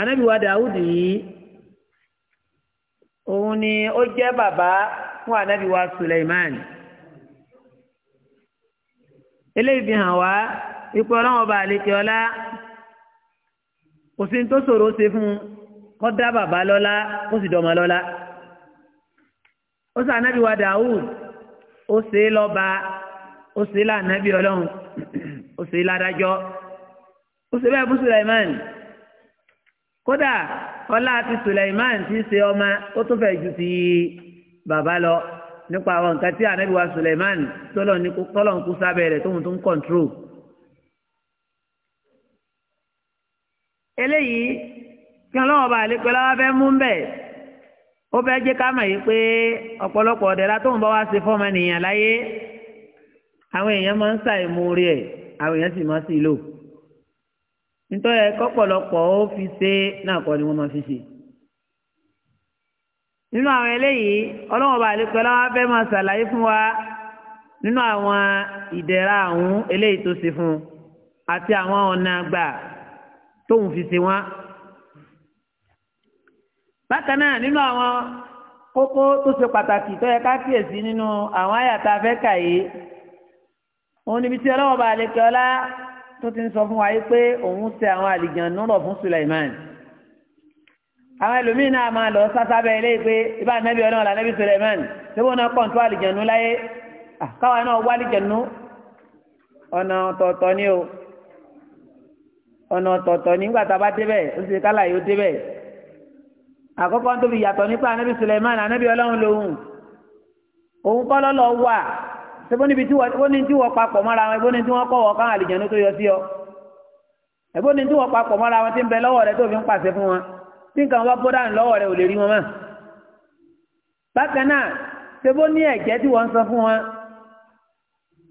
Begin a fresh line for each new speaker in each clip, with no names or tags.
anabi wa dawudi yìí òun ni ó jẹ́ bàbá fún anabi wa suleiman eléyìí fi hàn wá ipò ọlọ́wọ́n ọba àlekè ọlá kò sí ní tó ṣòro ṣe fún un kó dá bàbá lọ́lá kó sì dọ́mọ lọ́lá ó sọ anabi wa ó ṣe é lọ́ba ó ṣe é lànàbí ọlọ́run ó ṣe é ládájọ́ ó ṣe bẹ́ẹ̀ fún suleiman kódà ọlá àti Suleiman ti ṣe ọmọ ó tún fẹ́ ju ti bàbá lọ nípa àwọn nǹkan tí ànábì wa Suleiman tọ́lọ̀ ń kú sábẹ́ rẹ̀ tóun tún kọ̀ǹtró. eléyìí kí ọlọ́wọ́ bá lè pẹ́lú àwọn fẹ́ mú bẹ́ẹ̀ ó fẹ́ jẹ́ ká mọ̀ yìí pé ọ̀pọ̀lọpọ̀ ọ̀dẹ̀lá tóun bá wá ṣe fọ́ọ̀mù ènìyàn láyé àwọn èèyàn máa ń ṣàìmóore ẹ̀ àwọn èèyàn sì máa ń sí lò nítorí ẹ̀kọ́ pọ̀lọpọ̀ ó fi ṣe náà kọ́ ni wọ́n máa fi ṣe. nínú àwọn eléyìí ọlọ́wọ́n bá àlékọ́ láwọn fẹ́ máa ṣàlàyé fún wa nínú àwọn ìdẹ̀ra àwọn eléyìí tó ṣe fún un àti àwọn ọ̀nà àgbà tóun fi ṣe wọ́n. bákan náà nínú àwọn kókó tó ṣe pàtàkì tó yẹ ká kíyèsí nínú àwọn àyàtà afẹ́kà yìí òun níbi tí ọlọ́wọ́n bá àlékọ́ láwọn tó ti ń sọ fún wa yìí pé òun tẹ àwọn àlìjànnú rọ̀ fún Sulaiman àwọn ẹlòmíín náà máa lọ sáṣá bẹ́ẹ̀ lé pé ibà nẹ́bí ọlọ́run la nẹ́bí Sulaiman síbò náà pọ̀ tó àlìjànnú láyé káwa náà wá àlìjànnú ọ̀nà ọ̀tọ̀ọ̀tọ̀ ni o ọ̀nà ọ̀tọ̀ọ̀tọ̀ nígbà tá a bá débẹ̀ ó sì kálà yóò débẹ̀ àkọ́kọ́ tó fi yàtọ̀ nípa ànẹ́bí Sulaiman ànẹ́bí ọlọ́run lòun òun kọ́ lọ́lọ́ wà ṣe bó níbi tí wọ́n papọ̀ mọ́ra wọn ẹ̀bọ́n ní tí wọ́n kọ́ wọ́n káwọn àlìjẹ̀nu tó yọ sí ọ ẹ̀bọ́n ní tí wọ́n papọ̀ mọ́ra wọn ti ń bẹ lọ́wọ́ rẹ tó fi ń pàṣẹ fún wọn tí nǹkan wọn bó dànù lọ́wọ́ rẹ ò lè rí wọn mọ́. bákan náà ṣe bó ní ẹ̀jẹ̀ tí wọ́n ń sọ fún wọn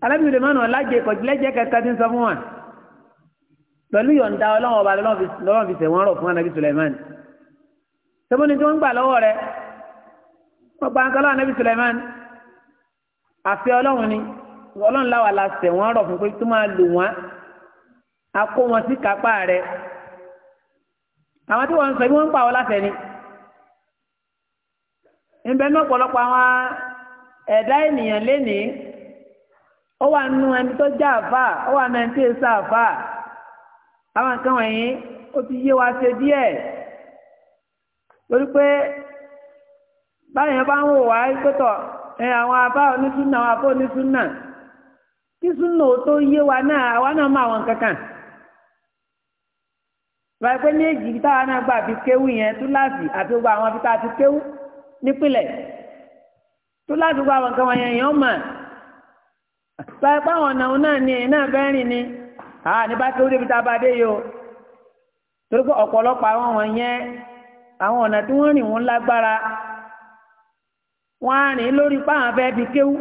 alábìrì mọ́nà lájẹ kọ̀jìlẹ́jẹ kẹta ti ń sọ fún wọn pẹ̀lú yọ̀ǹda ọlọ́wọ́ ọba lọ́wọ́ fi sẹ̀wọ́n rọ̀ fún anabi Suleiman ṣe bó ní tí wọ́n ń gbà lọ́wọ́ rẹ wọ́n gba nǹkan lọ́wọ́ anabi Suleiman àfẹ ọlọ́run ni ọlọ́run láwa la sẹ̀ wọ́n rọ̀ fún pé tó máa lò wọ́n a kó wọn sí kápá rẹ̀ àwọn tí wọ́n ń sọ bí wọ́n ń pa ọ láṣẹ ni ìbẹ́ náà pọ̀lọpọ̀ àwọn ẹ̀dá ènìyàn lénìí ó wà nù ẹni tó já àfà ó wà nù ẹni tó èso àfà àwọn nǹkan wọ̀nyí ó ti yé wa ṣe díẹ̀ lórí pé báyìí bá ń wò wá pé tọ̀ ẹ àwọn abá onísúnà àwọn abá onísúnà kí súnà ò tó yé wa náà àwa náà mọ àwọn kankan báyìí pé ní èjì táwa náà gbà fi kéwù yẹn túláàsì àti gbogbo àwọn fi tá a ti kéwù nípìnlẹ̀ túláàsì gbogbo àwọn nǹkan wọ̀nyẹn yẹn ó mọ̀ báyìí pé àwọn ọ̀nà òun náà ni èyí náà bẹ́ẹ̀ rìn ni àá ní kéwù débi tá a bá dé yìí torí pé ọ̀pọ̀lọpọ̀ àwọn wọ̀nyẹn àwọn ọ̀nà tí wọ́n rìn wọ́n lágbára wọ́n á rìn lórí páwọn afẹ́ fi kéwú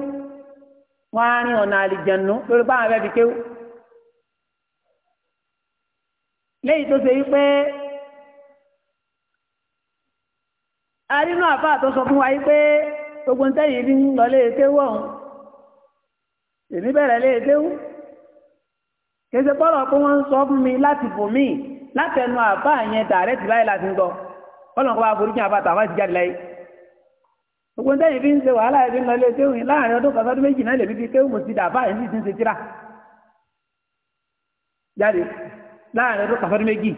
wọ́n á rìn ọ̀nà àlìjẹ̀nu lórí páwọn afẹ́ fi kéwú. léyìí tó ṣe wípé arínú àbá tó sọ fún wa wípé gbogbo ntẹ́yìn bí ń lọ léè kéwú ọ̀hún èmi bẹ̀rẹ̀ léè kéwú kèsè pọ́lọ̀ pé wọ́n ń sọ fún mi láti bò mí látẹnu àbá yẹn dàrẹ́tì láyé láti ń gbọ́ ọlọ́run kó bá forí kí àbá tàwọn ti jáde láyé. gbogbo tẹ́yìn fi ń ṣe wàhálà ẹ̀fí ń lọ ilé kéwù yìí láàrin ọdún kan sọdún méjì náà lèmi fi kéwù mo ti dà báyìí sì ti ń ṣe tíra jáde láàrin ọdún kan méjì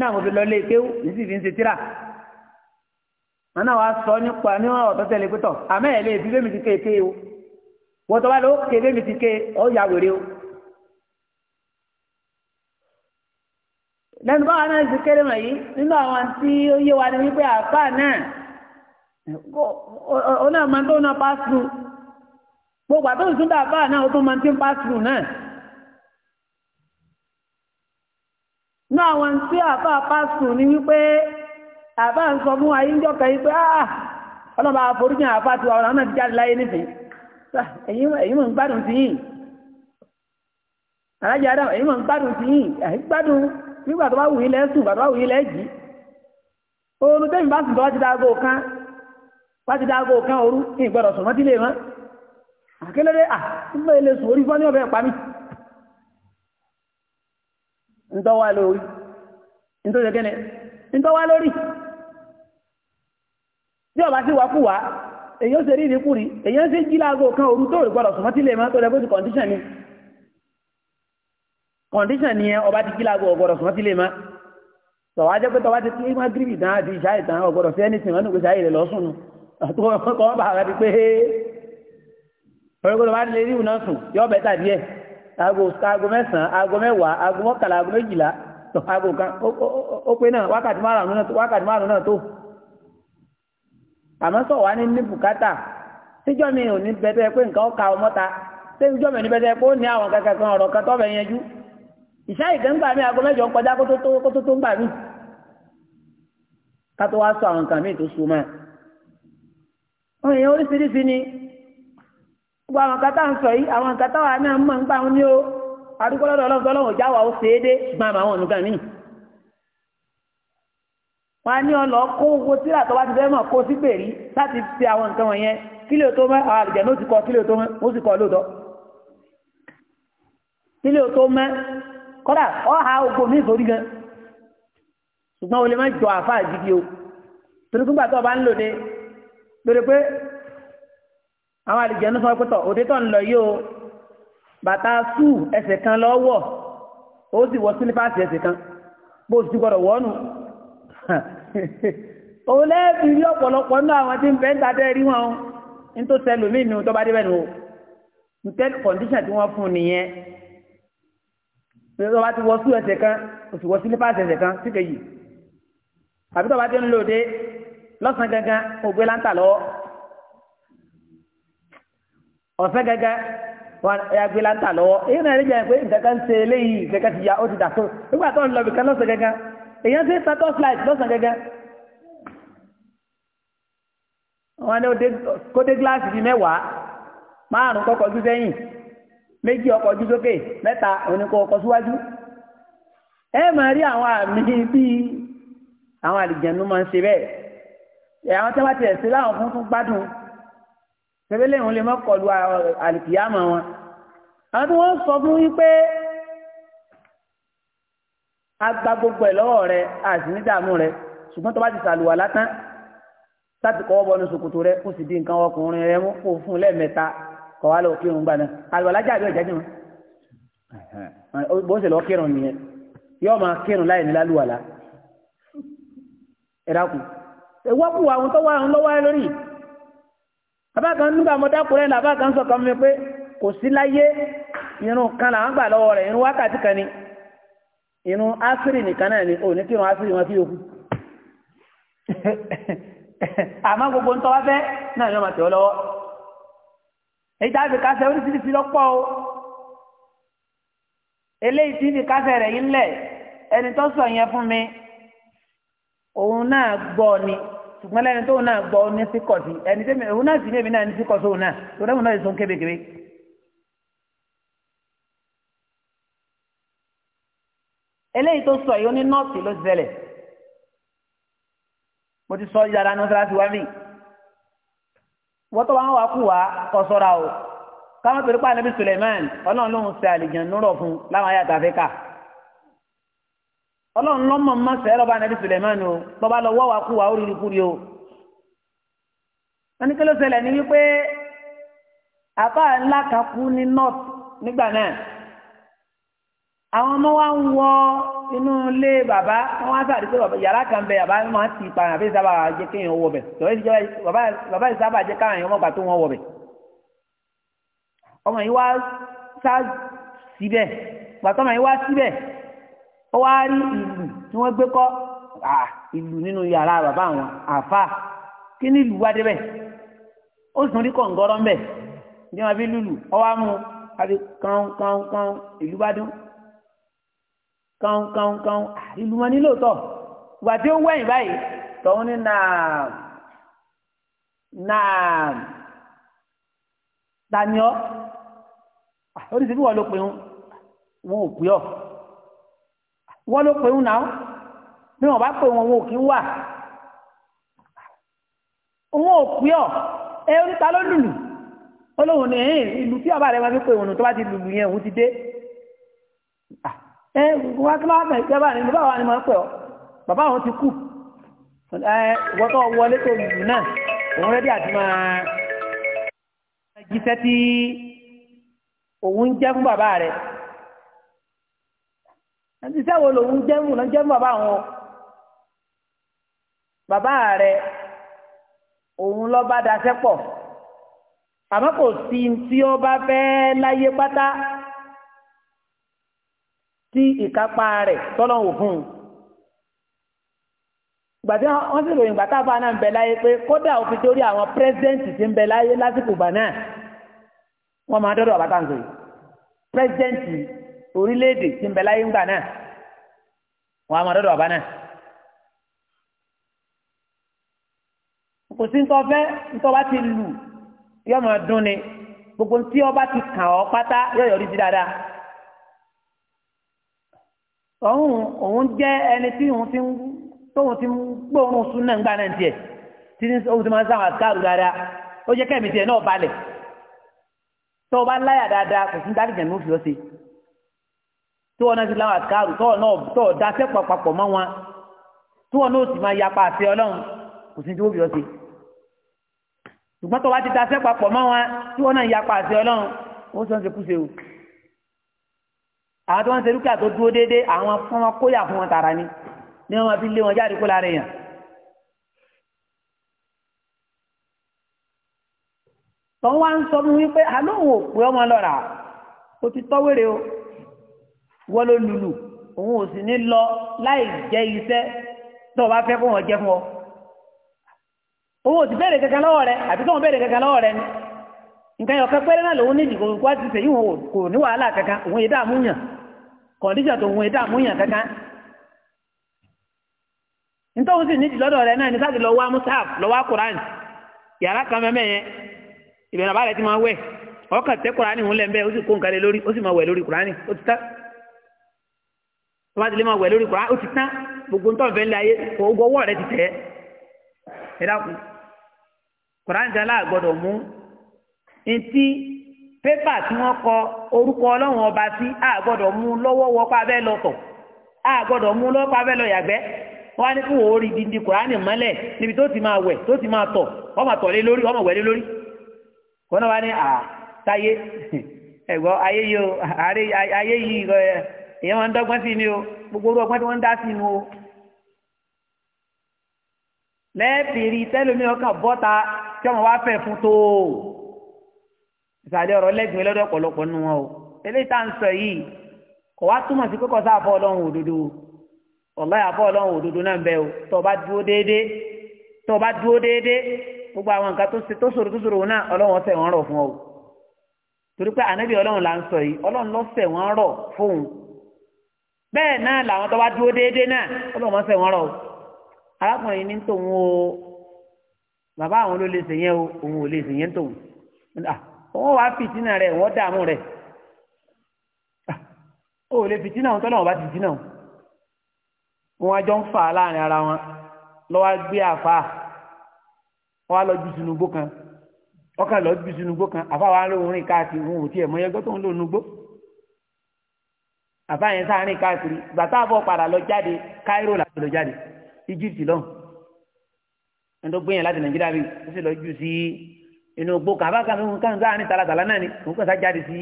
náà mo fi lọ ilé yìí sì fi ń ṣe tíra sọ nípa níwọ̀n ọ̀tọ́ tẹ̀lé pẹ́tọ̀ àmọ́ ẹ̀ lè fi o ya wèrè o. lẹ́nu báwa náà ti kéré mọ̀ nínú àwọn tí ó yé ó náà máa tó náà pass through gbogbo àtọ́jú tún náà ó tún máa ti ń pass náà ní àwọn tí àbá ni wípé àbá ń sọ fún ayé ń jọ́ka pé áà ah, ọlọ́ba àforíjì àbá tiwa ọ̀rọ̀ náà ti jáde láyé nífẹ̀ẹ́ èyí ah, ń gbádùn sí yìí alájà èyí ń gbádùn sí yìí gbádùn nígbà tó wá ti dáàbò kan òru ní ìgbọ́dọ̀ sọ̀rọ̀ tí lè mọ́ àkéléré àtúgbò ilé sùn orí fọ́ní ọ̀bẹ̀ pa mí ntọ́wà lórí ntọ́jẹ́ kẹ́ni ntọ́wà lórí tí ọba sí wakúwà èyàn ṣe rí ìrìkúrí èyàn ṣe jí láago kan òru tó rí gbọ́dọ̀ sọ̀rọ̀ tí lè mọ́ tó lẹ́gbẹ́ ni kọ̀ndíṣàn ni ọba ti jí láago ọ̀gbọ́dọ̀ sọ̀rọ̀ tí lè mọ́ tọ̀wá jẹ́ pé tọ̀wá ti kí magribi dáhà di ìṣáì tán ọ̀gbọ́dọ̀ sí ẹni ní gbèsè ayé rẹ̀ kọ́ bá rẹ̀ pé ọ̀rẹ́gbọ́dọ̀ bá lè rí ìwúná sùn yọ ọbẹ̀ tà díẹ̀ aago mẹ́sàn-án aago mẹ́wàá aago mọ́kànlá aago méjìlá aago kan ó pé náà wákàtí márùn-ún náà tó àmọ́ sọ̀ wá ní ní bùkátà tíjọ́ mi ò ní bẹ́tẹ́ pé nǹkan ọ̀ka ọmọ́ta tíjọ́ mi ò ní bẹ́tẹ́ pé ó ní àwọn kankan kan ọ̀rọ̀ kan tọ́bẹ̀ yẹn jú ìṣá ìgbẹ́ngbà mi aago mẹ́jọ ń kọjá kótótó ń gbà mí ká tó wá sọ àwọn nǹkan míì tó so mọ́ ẹ̀ àwọn èèyàn oríṣiríṣi ni gbogbo àwọn nǹkan tá à ń sọ yìí àwọn nǹkan táwa náà mọ̀ ń gbà wọn ní o àdúgbò lọ́dọ̀ ọlọ́run tó lọ́wọ́ jáwà ó ṣe é dé ṣùgbọ́n àmọ́ àwọn olùgbà míì wọn á ní ọlọ kó owó tíra tó bá ti fẹ́ mọ̀ kó sí pèrí láti fi àwọn nǹkan wọ̀nyẹn kílè tó mọ́ àwọn àlùjẹ̀ ló ti kọ kílè tó mọ́ ó sì kọ lóòótọ́ kílè tó mọ́ kódà ọ̀hà torí pé àwọn àlejò ní sọ pé tọ̀ òtítọ́ ń lọ yìí o bàtà súù ẹsẹ̀ kan lọ wọ̀ ó sì wọ sílífàsì ẹsẹ̀ kan bó ti gbọ́dọ̀ wọ́nu òun lẹ́ẹ̀fì rí ọ̀pọ̀lọpọ̀ nínú àwọn tí ń bẹ́ ń tàbẹ́ rí wọn ní tó tẹ lómi nínú tó bá débẹ̀ nù o ní tẹ́ kọ̀ǹdíṣàn tí wọ́n fún un nìyẹn tó bá ti wọ súù ẹsẹ̀ kan ó sì wọ sílífàsì ẹsẹ̀ kan síkẹyì àbí tó bá ti ń lò lọ́sàn gangan mo gbé láńtà lọ́wọ́ ọ̀sán gangan wọn ya gbé láńtà lọ́wọ́ èyí náà níjà pé ìdẹ́ka ń ṣe eléyìí ìdẹ́ka ti ya ó ti dà tó nígbà tó ń lọ bìkan lọ́sàn gangan èyí ń ṣe status light lọ́sàn gangan wọn ní kó dé gíláàsì bíi mẹ́wàá márùn kọ́kọ́ ojú sẹ́yìn méjì ọkọ̀ ojú sókè mẹ́ta òní ọkọ̀ síwájú ẹ máa rí àwọn àmì bíi àwọn àlìjẹ̀nu máa ń ṣe bẹ́ẹ̀ àwọn tí wọ́n ti ẹ̀sìn láwọn fún fún gbádùn tẹ́lẹ̀ òun lè mọ́kọ̀lù àlìkìyàmọ̀ wọn àwọn tí wọ́n sọ fún wípé agba gbogbo ẹ̀ lọ́wọ́ rẹ àti ní dààmú rẹ ṣùgbọ́n tó bá ti sàlùwà látán láti kọ́wọ́ bọ́nu ṣòkòtò rẹ kó sì di nǹkan ọkùnrin rẹ mú kó fún lẹ́ẹ̀mẹ́ta kọ̀ wá lọ kírun gbà àlùwà lájà àbí ọ̀jà jùlọ bó ṣe lọ kírun nìyẹn yóò máa kírun láì ní lálùwàlá ẹ dákun ewepu àwọn tó wà ń lọ́wọ́ lórí abákan nígbà mo dákúrẹ́ ní abákan sọ kan mi pé kò sí láyé irun kan làwọn gbà lọ́wọ́ rẹ̀ irun wákàtí kan ni irun asiri nìkan náà ni ò ní kí asiri wọn fi yòókù gbogbo ń tọ́wá náà yóò máa tẹ̀ ọ́ a fi kásẹ̀ oríṣiríṣi lọ́pọ̀ o eléyìí tí fi kásẹ̀ rẹ̀ yín lẹ̀ ẹni tó ṣùgbọ́n lẹ́ni tóun náà gbọ́ ní síkọ̀ sí ẹni tẹ́mi òun náà sì ní èmi náà ní síkọ̀ sóun náà tòun náà yẹ sọ kébékébé. eléyìí tó sọ yìí ó ní nọ́ọ̀sì ló ti tẹ̀lẹ̀ mo ti sọ yàrá ní ọ̀sán wá mí wọ́n tó wọn wá kú wá kọ́ sọ́ra o káwọn torí pàdánù bí Suleiman ọlọ́run lòún ṣe àlìjàn nírọ̀ fún láwọn ayé àtàfẹ́ ọlọ́run lọ́mọ mọ́ sẹ́ lọ́ba nàbí Sulemani o bọ́ba lọ wọ́ wa kú wa ó rí ikúri o. wọ́n ní kí ló ṣẹlẹ̀ ní wípé àbá ńlá kan kú ní north nígbà náà àwọn ọmọ wa ń wọ inú ilé bàbá wọn wá sáré pé yàrá kan bẹ bàbá máa ti ìpààyàn àbí sábà jẹ kéèyàn wọ bẹ bàbá ìsábà jẹ káàyàn ọmọ gbà tó wọn wọ bẹ ọmọ yìí wá sá síbẹ̀ gbàtọ́ ọmọ yìí wá síbẹ̀ ó wá rí ìlú tí wọ́n gbé kọ́ ìlú nínú yàrá bàbá àwọn àfa kí ni ìlú wá débẹ̀ ó sùn rí kọ̀ǹgọ́rọ́ ń bẹ̀ ní wọn bí lùlù ó wá mú àbí kàn kàn kàn ìlú bá dún kàn kàn kàn ìlú wọn ní lóòótọ́ ìgbà tí ó wẹ̀yìn báyìí tọ́hún ní nàá nàá taniọ́ oríṣiríṣi wọn ló pe wọn ò pè ọ́ wọ́n ló pè ń nà ó bí wọ́n bá pè wọn wọn ò kí ń wà wọn ò pè ọ́ ẹ oníta ló lùlù ó lóun ní ẹ̀yìn ìlú tí ọba rẹ̀ máa fi pè wọn tó bá ti lùlù yẹn òun ti dé ah, ẹ wọ́n kí wọ́n fẹ̀ ìjọba ni bàbá wọn ni máa pè ọ́ bàbá wọn ti kú ẹ wọ́n tó wọlé tó lùlù náà òun rẹ́dí àti máa jíṣẹ́ tí òun jẹ́ fún bàbá rẹ̀ àti iṣẹ́ wo lòun jẹ́mú náà jẹ́mú bàbá àwọn bàbá rẹ òun lọ bá daṣẹ́ pọ̀ àmọ́ kò sí tí ó bá fẹ́ láyé pátá tí ìkápá rẹ̀ tọ́lọ̀ wò fún un gbàtí wọ́n sì ròyìn gbàtà bá náà ń bẹ láyé pé kódà ó fi torí àwọn pírẹsidẹ́ǹtì tí ń bẹ láyé lásìkò gbà náà wọ́n máa dọ́dọ̀ àbátàǹtò pírẹsidẹ́ǹtì orílẹ̀-èdè tí ń bẹ láyé ńgbà náà wọn a dọ́dọ̀ náà. kò sí ti lù yọ máa dún ni gbogbo ọba ti kàn ọ́ pátá yọ yọrí sí dáadáa. òun òun jẹ́ ẹni tí òun ti ń tóun ti ń gbóòórùn ńgbà náà tiẹ̀ tí òun ti máa ń àtàrù dáadáa ó jẹ́ náà balẹ̀ láyà dáadáa kò sí ní tí wọn náà ti láwọn àtikárù tọ́ náà tọ́ daṣẹ́ papọ̀ mọ́ wọn tí wọn náà sì máa yapa àti ọlọ́run kò sí ní tí wọ́n fi ọ́ sí ṣùgbọ́n tó wá ti daṣẹ́ papọ̀ mọ́ wọn tí wọn náà yapa àti ọlọ́run ó sọ ń ṣe kúṣe o àwọn tí wọ́n ń ṣe dúkìá tó dúró déédéé àwọn fún wọn kóyà fún wọn tààrà ni ní wọn fi lé wọn jáde kó lára èèyàn. tọ́wọ́n wá ń sọ fún wípé àlóhùn òpè ọmọ lọ́ra ó ti tọ́wéré o. wọ́n ló lulu òun ò sì ní lọ láì jẹ́ iṣẹ́ tó o bá fẹ́ kó wọn jẹ́ fún ọ. òun ò sì bẹ̀rẹ̀ kankan lọ́wọ́ rẹ bẹ̀rẹ̀ kankan lọ́wọ́ rẹ ni. nǹkan lòun ní ìdìbò ti wọn kò ní wàhálà kankan òun yìí dààmú yàn kọ̀ǹdíṣà tó òun yìí dààmú yàn kankan. nítorí sì nídìí lọ́dọ̀ rẹ náà ní kurani tó bá ti lórí kura ó ti tán gbogbo nítorí fẹ́ lé ayé ogun ọwọ́ rẹ ti tẹ̀ ẹ dákun kura ń jẹ́lá gbọ́dọ̀ mú etí pépà tí wọ́n kọ orúkọ ọlọ́run ọba sí a gbọ́dọ̀ mú lọ́wọ́ wọ́pá bẹ́ẹ̀ lọ́tọ̀ a gbọ́dọ̀ mú lọ́pá bẹ́ẹ̀ lọ yàgbẹ́ wọ́n á ní kó wọ́n rí dindi kuraani mọ́lẹ̀ níbi tó ti máa wẹ̀ tó ti máa tọ̀ wọ́n máa tọ̀ lé lórí wọ́n máa wẹ̀ lé lórí kọ́nà wa ní à táyé ẹ̀gbọ́n ayé yìí ìyẹn wọn ń dọ́gbọ́n sí ni o gbogbo orú ọgbọ́n tí wọ́n ń dá sí nu o lẹ́ẹ̀fìrí tẹ́lómi ọkàn bọ́ta tí ọmọ wa fẹ́ fún tó o ìsàlẹ̀ ọ̀rọ̀ lẹ́gbẹ̀ẹ́ lọ́dọ̀ ọ̀pọ̀lọpọ̀ nù wọn o eléyìí tá à ń sọ yìí kò wá túmọ̀ sí pé kò sáà fọ́ ọlọ́run òdodo ọ̀láyà àbọ̀ ọlọ́run òdodo náà ń bẹ o tó o bá dúró déédéé tó o bá dúró déédéé gbogbo àwọn nǹkan tó ṣòro tó ṣòro náà ọlọ́run ọ̀sẹ̀ wọn rọ̀ fún ọ torí pé ànábì ọlọ́run là ń sọ yìí ọlọ́run lọ́sẹ̀ wọn rọ̀ fóun bẹ́ẹ̀ náà làwọn tó bá dúró déédéé náà ọlọ́run máa ń fẹ́ wọn rọ o arákùnrin ní tòun o bàbá àwọn ló lè sèyẹn o òun ò lè sèyẹn tòun òun wàá fìtínà rẹ wọ́n dààmú rẹ o ò lè fìtínà òun tọ́lọ́wọ́n bá ti fìtínà wọn àjọ ń fà á láàrin ara wọn lọ́wọ́ gbé àfa wọn á lọ ju sunugbó kan ọkàn lọ ju sunugbó kan àfa wa lóun rìn káàkiri òun ò tiẹ̀ mọ ẹgbẹ́ tó ń lò nugbó àfáàyàn sáárín káàkiri gbàtà bọ̀ padà lọ jáde Cairo láti lọ jáde Egypt lọ ẹni tó gbẹ̀yìn láti Nàìjíríà bí ó sì lọ jù sí inú gbó kàbá kan fún kan sáárín talatala náà ni òun kàn sá jáde sí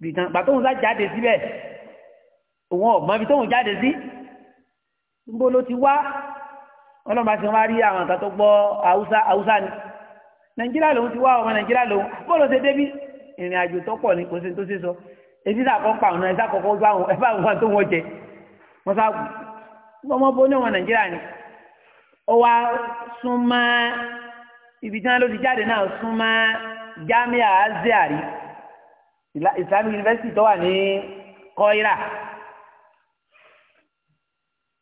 bì kan gbàtà òun sá jáde síbẹ̀ òun ọ̀gbọ́n ibi tóun jáde sí níbo ló ti wá ọlọ́mọba ti wá rí àwọn kan tó gbọ́ Haúsá Haúsá ni Nàìjíríà lòun ti wá ọmọ Nàìjíríà lòun bọ́ọ̀lù ṣe débí ìrìn àjò tó pọ̀ ní kò sí tó ṣe sọ etí tá a kọ́ pa àwọn ẹ̀dá kọ̀ọ̀kan bá wọn ẹ̀fà wọn tó wọn jẹ wọn sá ọmọ bó ní wọn nàìjíríà ni ó wá súnmọ́ ibi tí wọn ló ti jáde náà súnmọ́ Jamia Azhari Islamic University tó wà ní Kọ́írà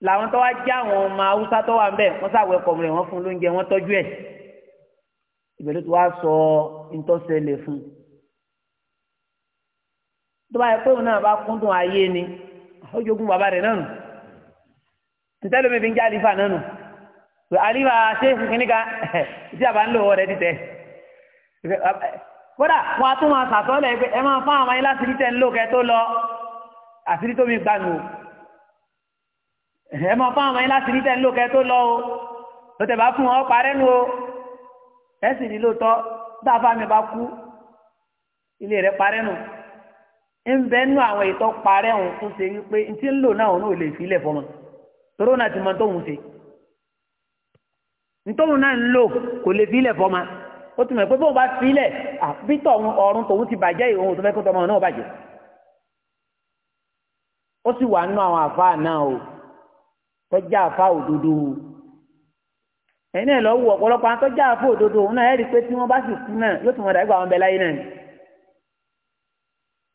làwọn tó wá já àwọn ọmọ haúsá tó wà ń bẹ̀ wọn sá wọ ẹ̀kọ́ rẹ̀ wọ́n fún lóúnjẹ wọ́n tọ́jú ẹ̀ ìbẹ̀rù tó wá sọ ntọ́sẹ̀lẹ̀ fún un tó bá yẹ pé òun náà bá kúndùn ayé ni ojogun bàbá rẹ̀ náà nù ntẹ́lẹ̀ mi fi ń jẹ́ àlífà náà nù àlífà ṣé kìíní ka tí a bá ń lò ọ̀rẹ́ ti tẹ̀ kódà wọn a tún máa sàtọ́lẹ̀ pé ẹ máa fáwọn ọmọ yín láti rí tẹ̀ ń lò kẹ́ tó lọ àṣírí tó mi gbà nù ẹ máa fáwọn ọmọ yín láti rí tẹ̀ ń lò kẹ́ tó lọ o tó tẹ̀ bá fún ọ parẹ́ nu o ẹ sì ní lóòótọ́ tá a fáwọn mi bá kú ilé rẹ̀ parẹ́ nù ń bẹ nú àwọn ètò parẹ́ òun tó ṣe wípé n ti ń lò náà òun náà lè filẹ̀ fọmọ toró náà ti mọ tóun ṣe ntóun náà ń lò kò lè filẹ̀ fọmọ ó ti mọ̀ pé bóun bá filẹ̀ àbí tọ̀hún ọ̀run tòun ti bàjẹ́ ìhun tó fẹ́ kó tọmọ náà bàjẹ́ ó sì wà nú àwọn àfáà náà o tọ́jà àfáà òdodo ẹ̀yin náà lọ wọ ọ̀pọ̀lọpọ̀ àwọn tọ́jà àfáà òdodo òun náà ẹ̀rí pé tí wọ́n bá sì kú náà yóò tún wọn dàgbà àwọn bẹ láyé náà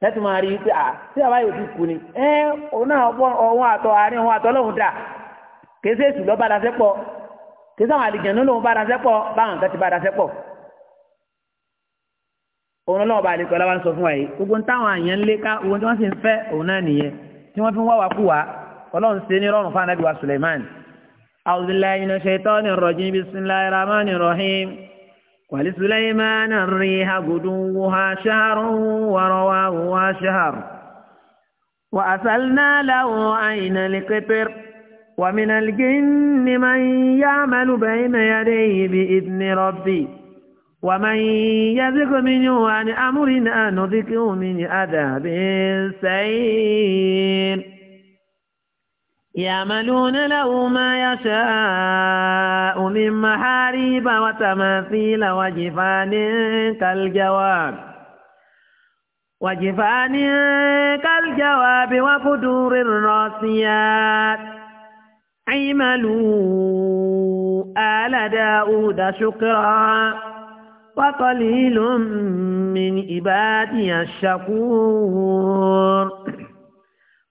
tẹ́tí máa rí pé à tí bàbá yóò fi kú ni ẹ òun náà ọwọ́n àtọ àárín òun àtọ lóhùn dà kéésì èsù lọ́ bára sẹ́pọ̀ kéésì àwọn àlìjẹ̀nú lóhùn bára sẹ́pọ̀ báwọn kan ti bára sẹ́pọ̀ òun lọ́wọ́ bá àlè pẹ̀lú sọ fún wa yìí gbogbo táwọn àyàn lé ká ohun tí wọ́n sì ń fẹ́ òun náà nìyẹn tí wọ́n fi ń wá wa kú wa ọlọ́run ṣe ní ولسليمان الريح غدوها شهر ورواهها شهر وأسلنا له عين القطر ومن الجن من يعمل بين يديه بإذن ربي ومن يزغ منه عن أمرنا نذكه من عذاب سير يعملون له ما يشاء من محاريب وتماثيل وجفان كالجواب وجفان كالجواب وقدور الراسيات عملوا آل داود شكرا وقليل من عبادي الشكور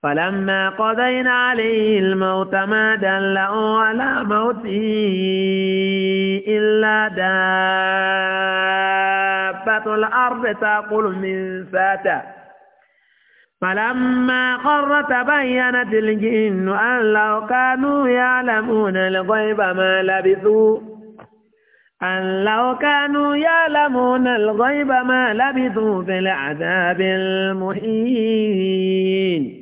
فلما قضينا عليه الموت ما دله على موته إلا دابة الأرض تقول من ساته فلما قر تبينت الجن أن لو كانوا يعلمون الغيب ما لبثوا أن لو كانوا يعلمون الغيب ما لبثوا في العذاب المهين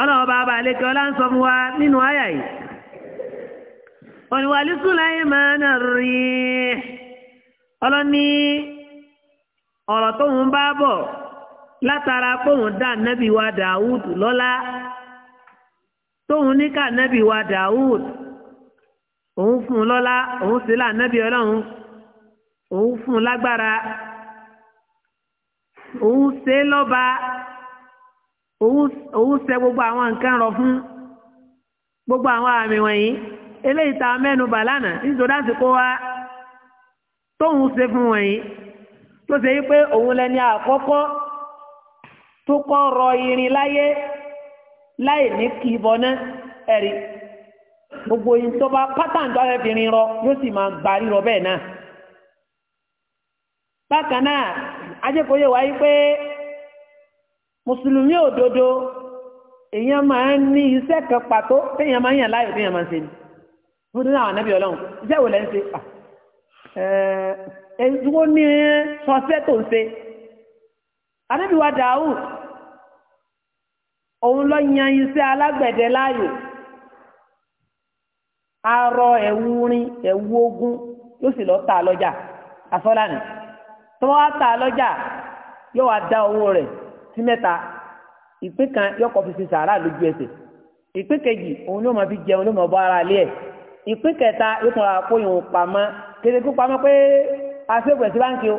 ọlọ́wọ́ bá bá lékẹ́ ọlá ń sọ fún wa nínú àyà yìí wọ́n ni wà ní Sùláímánà rí ọlọ́ni ọ̀rọ̀ tó ń bá bọ̀ látara pòun dá nẹ́bí wa Dàúd lọ́lá tóun ní ká nẹ́bí wa Dàúd òun fún un lọ́lá òun sì là nẹ́bí ọlọ́run òun fún un lágbára òun ṣe lọ́ba. òun se gbogbo àwọn nǹkan rọ fún gbogbo àwọn àmì wọ̀nyí eléyìí tá a mẹ́nu bà lánàá nítorí àsìkò wa tóun ṣe fún wọ̀nyí tó ṣe yí òun lẹni àkọ́kọ́ tó kọ́ rọ irin láyé láì ní kì í ẹ̀rí gbogbo yìí tó bá pátán tó fẹ́ fi rin rọ yóò sì máa gbà rírọ bẹ́ẹ̀ náà bákan náà ajẹ́kọ̀ọ́ yẹ wáyé pé. mùsùlùmí òdodo èèyàn máa ń ní iṣẹ́ kan pàtó téèyàn máa ń yàn láàyò téèyàn máa ń ṣe ni fún nínú àwọn anábì ọlọ́run iṣẹ́ wo lẹ́ ń ṣe ẹ̀ẹ́dúró ní sọ́sẹ́ tó ń ṣe anábì wa Dáúdù òun lọ yan iṣẹ́ alágbẹ̀dẹ láàyò arọ ẹ̀wù rin ẹ̀wù ogun yóò sì lọ tà lọ́jà àfọlànà tó wá tà lọ́jà yóò wá dá owó rẹ̀ sí mẹ́ta ìpín kan yọkọ̀ fi ṣe sàárà lójú ẹsẹ̀ ìpín kejì òun ló máa fi jẹun ló máa bọ́ ara lé ẹ̀ ìpín kẹta yóò tún ra kó ìhun pamọ́ kéde kó pamọ́ pé aṣègùn ẹ̀sìn báńkì o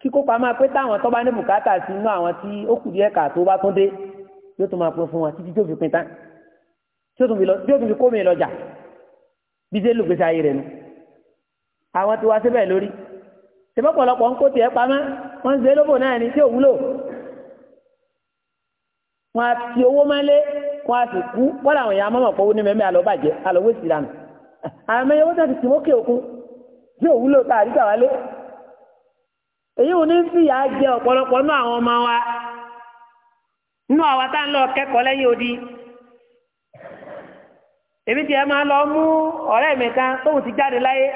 kíkó pamọ́ pé táwọn tó bá ní bùkátà sí inú àwọn tí ó kù díẹ̀ kà tó bá tún dé yóò tún máa pín fún wọn títí tó fi pín tán tí ó tún fi kó mi lọ́jà bí sẹ́lù gbèsè ayé rẹ̀ nu àwọn tí wá síbẹ̀ lórí tẹ̀mọ́pọ̀lọpọ̀ ń kó tiẹ̀ pamọ́ wọ́n ń ṣe lóbò náà ni tí ò wọn àti owó mẹ́lẹ́ wọn àti kú wọn làwọn èèyàn mọ̀mọ́ pọ̀wó ní mẹ́mẹ́ àlọ́bàjẹ́ àlọ́wọ́ ìsìlámù àmì owó tó ti tì mókè òkun tí ò wúlò tá àdúgbà wálé èyí ò ní fìyà jẹ ọ̀pọ̀lọpọ̀ nínú àwọn ọmọ wa nínú àwa tá ń lọ kẹ́kọ̀ọ́ lẹ́yìn odi èmi tiẹ̀ máa lọ mú ọ̀rẹ́ mi kan tóun ti jáde láyé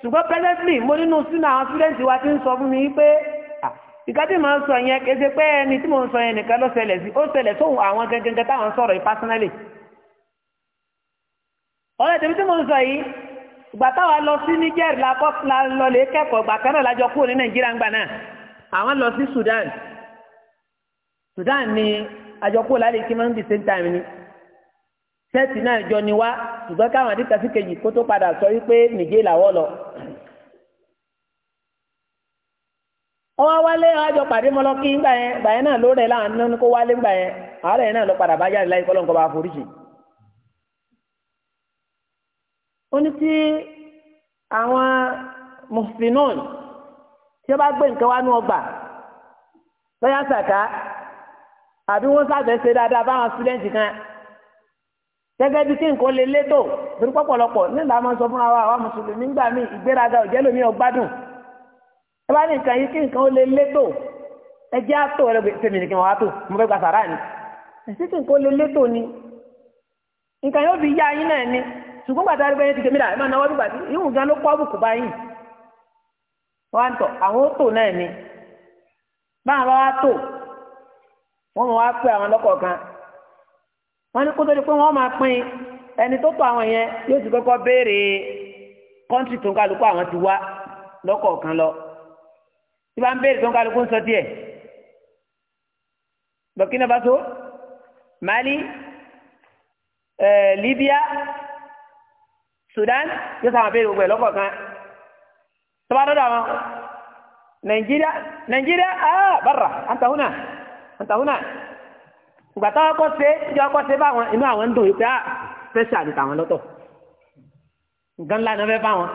ṣùgbọ́n pẹ́sẹ́ntì ìkàtí màá sọ yẹn kéde pé ẹni tí mò ń sọ yẹn nìkan ló ṣẹlẹ̀ sí ó ṣẹlẹ̀ sóhun àwọn gẹ́gẹ́gẹ́ táwọn sọ̀rọ̀ yìí pásánálì ọ̀rẹ́ tèmi tí mò ń sọ yìí ìgbà táwa lọ sí Niger la kọ́ la lọ lè kẹ́kọ̀ọ́ ìgbà kan náà la kúrò ní Nàìjíríà ń gbà náà àwọn lọ sí Sudan Sudan ni àjọkúrò lálẹ́ kí máa ń di same time ni sẹ́ẹ̀tì náà jọ ni wá ṣùgbọ́n káwọn àdìkàsíkejì kó tó padà sọ wípé nìjẹ́ làwọ́ lọ wọ́n wá wálé àjọ pàdé mọ́lọ́kí ńgbà yẹn gbà yẹn náà ló rẹ̀ láàánú ní kó wálé ńgbà yẹn àárẹ̀ yẹn náà ló padà bá jáde láyé kọ́lọ́ nǹkan bá foríjì. ó ní tí àwọn mùsùlùmí tí wọ́n bá gbé nǹkan wá ní ọgbà lọ́yà sàkà àbí wọ́n sábẹ́ ṣe dáadáa báwọn sílẹ̀ǹtì kan gẹ́gẹ́ bí kí nǹkan lè létò torí pọ̀pọ̀lọpọ̀ nígbà máa ń sọ fúnra bá ní nǹkan yìí kí nǹkan ó lè létò ẹ àtò rẹ tèmi nìkan wà á tò mo fẹ́ gba ni ẹ̀sìn kí nǹkan ó lè létò ni nǹkan yóò fi yá yín náà ni ṣùgbọ́n gbàtà ti rà máa náwó bí gbàtí ìhùn gan ló bùkù wọ́n tọ̀ àwọn ó tò náà ni bá wá tò wọ́n mọ̀ wá àwọn wọ́n ní kótó ni pé wọ́n máa pín ẹni tó tọ̀ àwọn yẹn yóò ti kọ́kọ́ béèrè kọ́ńtì tó ń kálukú àwọn ti lọ. tí bá ń béèrè tó ń kálukú ń sọ Burkina Faso Mali ẹẹ Libya Sudan yóò sábà béèrè gbogbo ẹ lọ́kọ̀ọ̀kan tó bá dọ́dọ̀ àwọn Nàìjíríà Nàìjíríà aa ah, barra antahuna antahuna ìgbà táwọn kọ́ ṣe ìjọ kọ́ ṣe báwọn inú àwọn ń dùn yìí pé a ah, fẹ́ ṣàdìtà àwọn lọ́tọ̀ nǹkan ńlá ni wọ́n fẹ́ fáwọn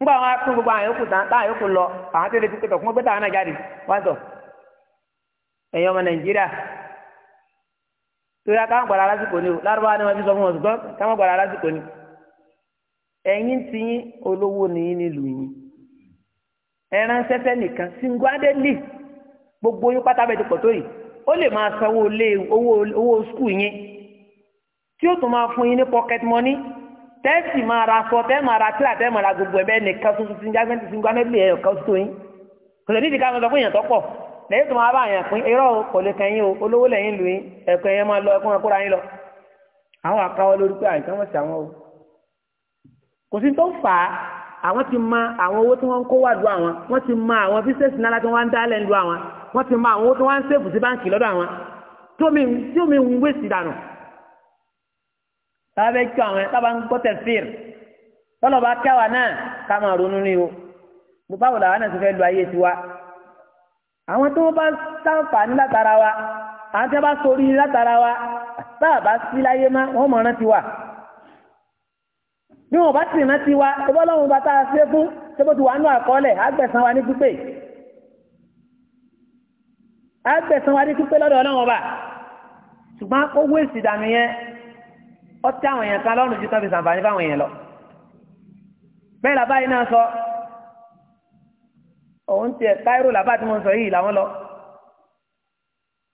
nígbà wọn tún gbogbo àwọn yòókù tán táwọn yòókù lọ àwọn tó lè fi pẹtọ fún pẹtọ àwọn náà jáde wọn tọ ẹ̀yin ọmọ nàìjíríà torí akáwọn gbàdá lásìkò ni o lárúbá ni wọn ti sọ fún wọn ṣùgbọ́n káwọn gbàdá lásìkò ni ẹ̀yin ti yín olówó nìyín nílùú yín ẹran sẹsẹ nìkan singuadeli gbogbo yín pátá bẹ́ẹ̀ ti pọ̀ tó yìí ó lè máa sanwó owó skul yín tí ó tún máa fún yín ní pocket money tẹ́sì máa ra sọ tẹ́ máa ra tíra tẹ́ máa ra gbogbo ẹ̀bẹ́ nìkan tuntun ti ń jágbé ti ń gbá mẹ́bìlì ẹ̀yọ̀ kan tó yín kò lè nídìí ká lọ sọ fún èèyàn tó pọ̀ lẹ́yìn tó máa bá àyàn pín irọ́ kò lè kàn yín o olówó lẹ́yìn lù yín ẹ̀kọ́ yẹn máa lọ ẹ̀kọ́ máa kóra yín lọ. àwọn àkáwọ́ lórí pé àìsàn wọ́n sì àwọn o kò sí tó fà á àwọn ti mọ àwọn owó tí wọ́n ń kó wà lu àwọn wọ́n ti mọ tábà jọ àwọn tábà ń gbọ́ tẹ̀síìr tọ́lọ̀ bá kẹwàá náà ká ronú o mo báwo làwọn náà ti fẹ́ lu ayé tiwa àwọn tó bá sáǹfààní látara wa àwọn tó bá sórí látara wa táà bá sí láyé má mọ̀ wa wọn bá sì wa tó bá lọ́wọ́ bá a fún tó bó ti wà wa ní pípé àgbẹ̀sán wa ní pípé lọ́dọ̀ ṣùgbọ́n ó wé ọtí àwọn èèyàn kan lọ́rùn ju tọ́bi sàǹfààní fáwọn èèyàn lọ. bẹ́ẹ̀ làbá yìí náà sọ òun tiẹ̀ káírò làbá tí mo sọ yìí làwọn lọ.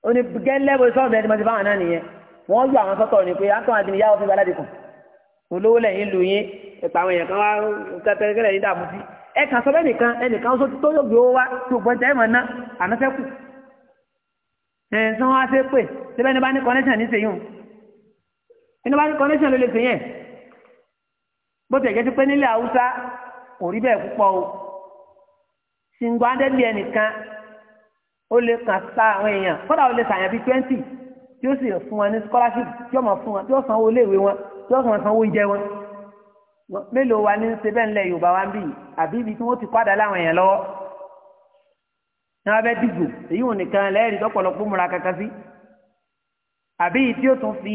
ó ní gẹ́lẹ́ bó sọ́ọ̀bù ẹni mo ti fáwọn náà nìyẹn wọ́n yọ àwọn sọ́tọ̀ ni pé anton adini yá òfin balẹ̀ dìkùn olówó lẹ́yìn lu yín ìpa àwọn èèyàn kan wá kẹ́kẹ́rẹ́ yín dààmú sí. ẹ kàn sọ bẹ́ẹ̀ nìkan ẹnìkan sọ tó yóò gbé owó wá ẹni bá ní connection ló lè ṣe yẹn bó ti ẹ̀jẹ̀ ti pé nílẹ̀ haúsá kò rí bẹ́ẹ̀ púpọ̀ o ṣìngbọ́ndẹ́lì ẹnìkan ó lè kàn sa àwọn èèyàn kódà ó lè sàyàn bíi twenty tí ó sì fún wọn ní scholarship tí ó máa fún wọn tí ó sanwó iléèwé wọn tí ó sanwó oúnjẹ wọn mélòó wa ní ṣe bẹ́ẹ̀ ńlẹ̀ Yorùbá wa ń bì àbí ibi tí wọ́n ti padà láwọn èèyàn lọ́wọ́ ní wọn bẹ dìgbò èyí wọn nìkan lẹ́ẹ̀rí lọ́pọ̀lọpọ̀ múra kankan sí àbí tí ó tún fi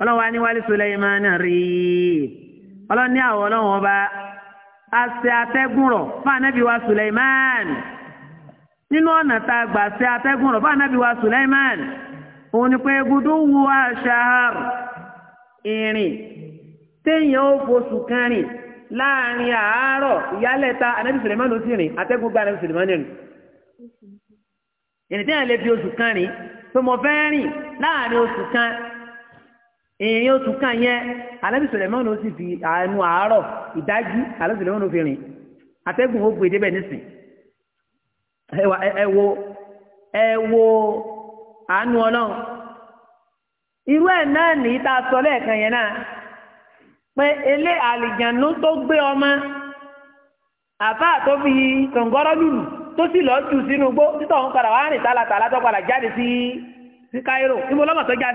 ọlọ́run wa ní wálé Suleiman rí ọlọ́run ní àwọn ọlọ́run ọba àṣẹ atẹ́gùn rọ̀ fún anábì wa Suleiman nínú ọ̀nà tá a gbà ṣe atẹ́gùn rọ̀ fún anábì wa Suleiman òun ni pé gudu wu aṣahar ìrìn téèyàn ó fosù kan rìn láàrin àárọ̀ ìyálẹ̀ta anábì Suleiman ló sì rìn atẹ́gùn gba anábì Suleiman rìn ìrìn lè fi oṣù kan rìn pé fẹ́ rìn láàrin oṣù kan èèyàn yóò tún kàn yẹn alẹ́ bí sọ̀rọ̀ mọ́nà ó sì fi àánú àárọ̀ ìdájú alẹ́ sọ̀rọ̀ mọ́nà ó fi rìn atẹ́gùn ó gbé débẹ̀ nísìn ẹ wo ẹ wo àánú ọlọ́run irú ẹ̀ náà nìyí tá a sọ lẹ́ẹ̀kan yẹn náà pé elé àlìjànú tó gbé ọmọ àbá tó fi kọ̀ǹgọ́rọ́ lùlù tó sì lọ́ọ́ jù sínú igbó títọ̀ ń padà wá rìn tálátàlá tó padà jáde sí sí Cairo níbo lọ́mọ tó já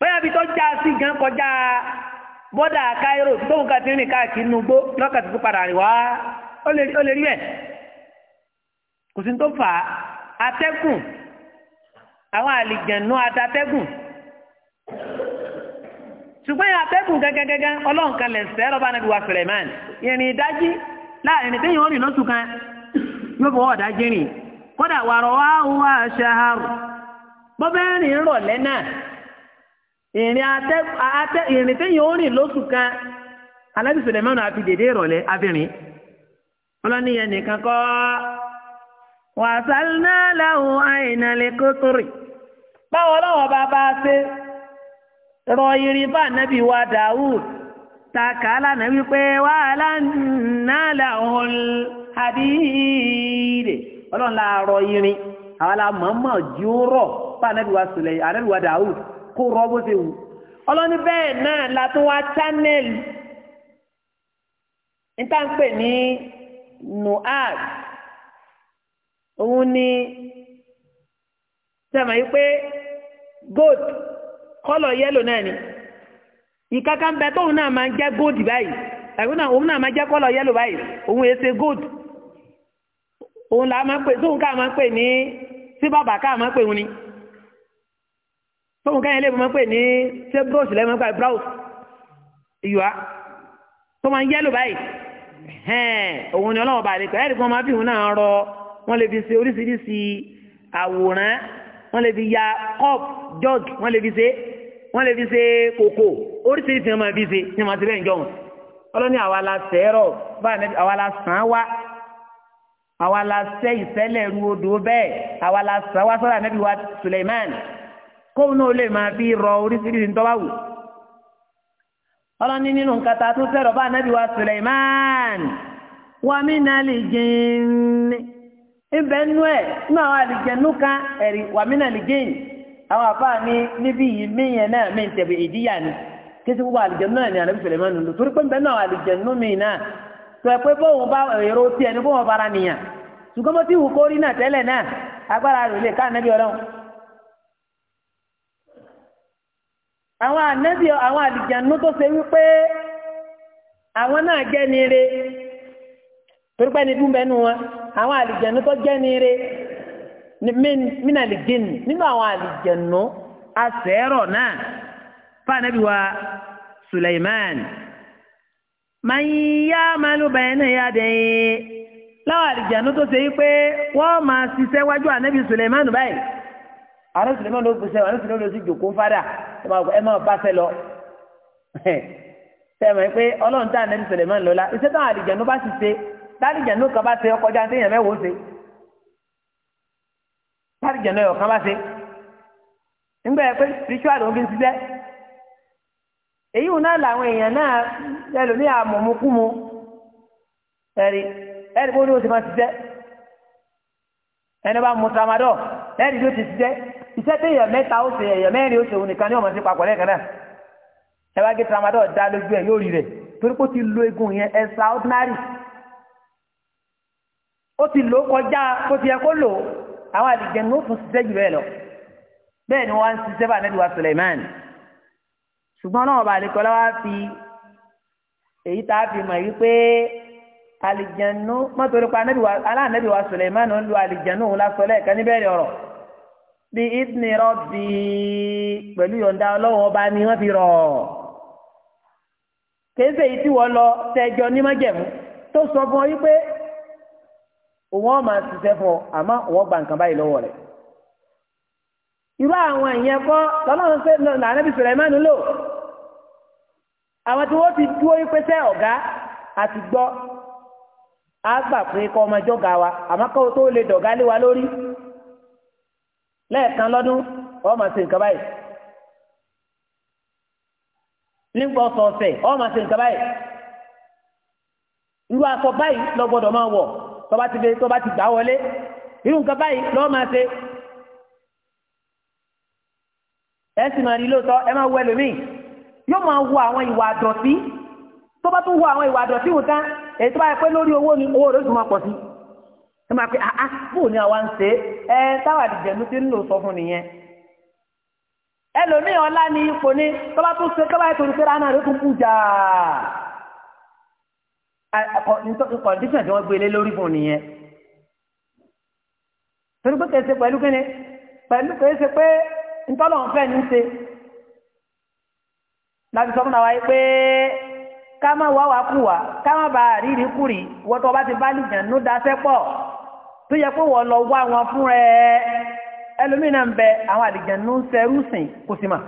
bóyá bí tó já sí gan kọjá bọ́dà káírò tó ń kàtí rìn káàkiri inú gbó lọ́kà tó padà rìn wá ó lè rí kò sí tó fà á atẹ́gùn àwọn àlìjẹ̀nú atatẹ́gùn ṣùgbọ́n ya atẹ́gùn gẹ́gẹ́gẹ́gẹ́ ọlọ́run kan lè sẹ́ rọ́bà nàbí ìrìn ìdájí láàrin rìn lọ́sùn kan yóò fọwọ́ ọ̀dájí rìn wàrọ̀ wá wá ìrìn atẹ atẹ ìrìn téèyàn ó rìn lóṣù kan alábì sùlẹ̀mánù àfi dèdè ìrọ̀lẹ́ àfihàn wọn lọ níyẹn nìkan kọ́ wàsálínà làwọn àìnàlẹ́ kótórì báwo lọ́wọ́ bá bá ṣe rọ irin bá nábì wa Dawud takala na wípé wàhálà náà làwọn àdìyíde ọlọ́run la rọ irin àwọn la mọ̀ọ́mọ̀ jí rọ̀ bá nábì wa Sùlẹ̀ ànábì wa Dawud kó rọ bó ṣe wù ọlọ́ni bẹ́ẹ̀ náà la tún wá channel níta ń pè ní nuad òun ni sẹ́mi yìí pé gold kọ́lọ̀ yẹ́lò náà ni ìkaka ń bẹ tóun náà máa ń jẹ́ gold báyìí ẹ̀rú náà òun náà máa jẹ́ kọ́lọ̀ yẹ́lò báyìí òun yẹ ṣe gold òun là máa ń pè tóun ká máa ń pè ní sí bàbá ká máa ń pè òun ni fóun káyọ̀ lè mọ̀ pé ní ṣé bros lẹ́mọ̀ pé brows ìyọ̀á tó máa ń yẹ́lò báyìí òun ni ọlọ́wọ́ bá lè kọ́ ẹ̀rí kan máa fi hùn náà rọ wọ́n lè fi ṣe oríṣiríṣi àwòrán wọ́n lè fi ya cup jug wọ́n lè fi ṣe wọ́n lè fi ṣe kòkò oríṣiríṣi wọ́n máa fi ṣe ní màá ti bẹ́ẹ̀ jọ̀hún ọlọ́ni àwa la sẹ́rọ̀ àwa la sàn wá àwa la sẹ́ ìṣẹ̀lẹ̀ ru odò bẹ́ẹ̀ àwa la sàn wá sọ́dọ̀ ànábì wa Suleiman kóun náà lè máa fi rọ oríṣiríṣi tó bá wù. ọlọ́ni nínú nǹkan ta tó bá anábì wa Suleiman wa minal jinni ibẹ̀ nú ẹ̀ nínú àwọn àlìjẹ̀nú kan ẹ̀rí wa minal jinni àwọn àfáà ní níbí yìí míyẹn náà mí tẹ̀wé ìdíyà ni kí sí gbogbo náà mi náà tọ́ ẹ pé bóun bá èrò tiẹ̀ ní bóun bára ṣùgbọ́n mo ti wù kórìí náà tẹ́lẹ̀ náà agbára àwọn ànábì àwọn àlìjànú tó ṣe wípé àwọn náà jẹ́ ní ire torípé ní dúnbẹ́ nu wọn àwọn àlìjànú tó jẹ́ ní ire mínà lè dín nínú àwọn àlìjànú asẹ́rọ̀ náà fànàbí wa Suleiman máa ń yá màlúbẹ̀ẹ́ náà yá dẹ́yìn láwọn àlìjànú tó ṣe wípé wọ́n máa ṣiṣẹ́ wájú ànábì Suleiman báyìí àrùn Suleiman ló ṣiṣẹ́ àrùn Suleiman ló sì jòkó fádà ẹ máa bá fẹ́ lọ sẹ́mi pé ọlọ́run tá ànẹ́bí sọ̀lẹ̀ máa ń lọ́la iṣẹ́ táwọn àlìjẹ̀nu bá ti ṣe tálìjẹ̀nu kan bá ṣe ọkọjá ní èèyàn mẹ́wòó ṣe tálìjẹ̀nu ẹ̀yọ̀ kan bá ṣe nígbà yẹn pé spiritual òun fi ń ṣiṣẹ́ èyí wọn náà làwọn èèyàn náà ẹlòmí àmọ̀mọ́kúmu ẹ̀rí ẹ̀rí bó ní o ti máa ṣiṣẹ́ ẹni bá mu tramadol ẹ̀rí ló ti ṣiṣẹ́ iṣẹ́ tí èèyàn mẹ́ta ó ṣe èèyàn mẹ́rin ó ṣe òun nìkan ní ọmọ sí papọ̀ lẹ́ẹ̀kan náà ẹ bá gé tramadol dá lójú ẹ yóò rí rẹ torí pé ó ti lo egun yẹn extraordinary ó ti lò kọjá bó ti yẹ kó lò àwọn àdìjẹ ní ó tún ṣiṣẹ́ jù bẹ́ẹ̀ lọ bẹ́ẹ̀ ni wọ́n ń ṣiṣẹ́ bá nẹ́bí Suleiman ṣùgbọ́n náà ọba àlekọ́lá wa fi èyí tá a fi mọ̀ wípé àlìjẹ̀nu mọ́tò nípa aláàánẹ́bí wa Suleiman ń lo àlìjẹ̀nu òun lásọ lẹ́ẹ̀kan níbẹ̀rẹ̀ ọ̀rọ̀ bí ìdíni rọ́bì pẹ̀lú yọ̀ǹda ọlọ́run ọba ni wọ́n fi rọ̀ kéésè yìí tí wọ́n lọ tẹ́jọ nímọ̀jẹ̀mú tó sọ fún ọ wípé òun ọ̀ máa ṣiṣẹ́ fún ọ àmọ́ òun gba nǹkan báyìí lọ́wọ́ rẹ̀ irú àwọn ìyẹn kọ́ lọ́lọ́run pé lànàbí Sulaiman lò àwọn tí wọ́n ti dúró wípé sẹ́ ọ̀gá àti gbọ́ á pé kọ́ ọmọ ẹjọ́ wa àmọ́ kọ́ tó lè dọ̀gá wa lórí lẹ́ẹ̀kan lọ́dún wọ́n máa ṣe nǹkan báyìí nípa ọ̀sọ̀ọ̀sẹ̀ wọ́n máa ṣe nǹkan báyìí irú aṣọ báyìí lọ gbọ́dọ̀ máa wọ̀ tó bá ti tó bá ti gbà wọlé irú nǹkan báyìí lọ́ máa ṣe ẹ sì máa rí lóòótọ́ ẹ máa wọ ẹlòmíì yóò máa wọ àwọn ìwà àdọ̀tí tó bá tún wọ àwọn ìwà àdọ̀tí wò tán èyí tó bá yẹ pé lórí owó ni owó rẹ̀ ó máa pọ̀ sí i ẹ máa pe àá bò ní àwa ń ṣe ẹ táwa àdìjẹnu ti ń lò sọ fún nìyẹn ẹlòmíì ọlá ní ipò ní tọ́ba tó ṣe tọ́ba ètò ìṣẹ́ra náà ló tún kú jà kọ̀ǹdíṣàn tí wọ́n gbé lé lórí fún nìyẹn torí pé kèé ṣe pẹ̀lú kíni pẹ̀lú kèé ṣe pé ntọ́lọ̀ ń fẹ́ ní ṣe láti sọ fún àwa yìí pé ká má wá wá kú wá ká má bàa rí rí kúrì wọ́tọ̀ bá ti bá lìjàn ló daṣẹ́ pọ̀. tó yẹ pé wọ́n lọ wá wọn fún ẹ ẹlòmínà ń bẹ àwọn àdìjẹ̀nu ń sẹ́rù sìn kò sí mà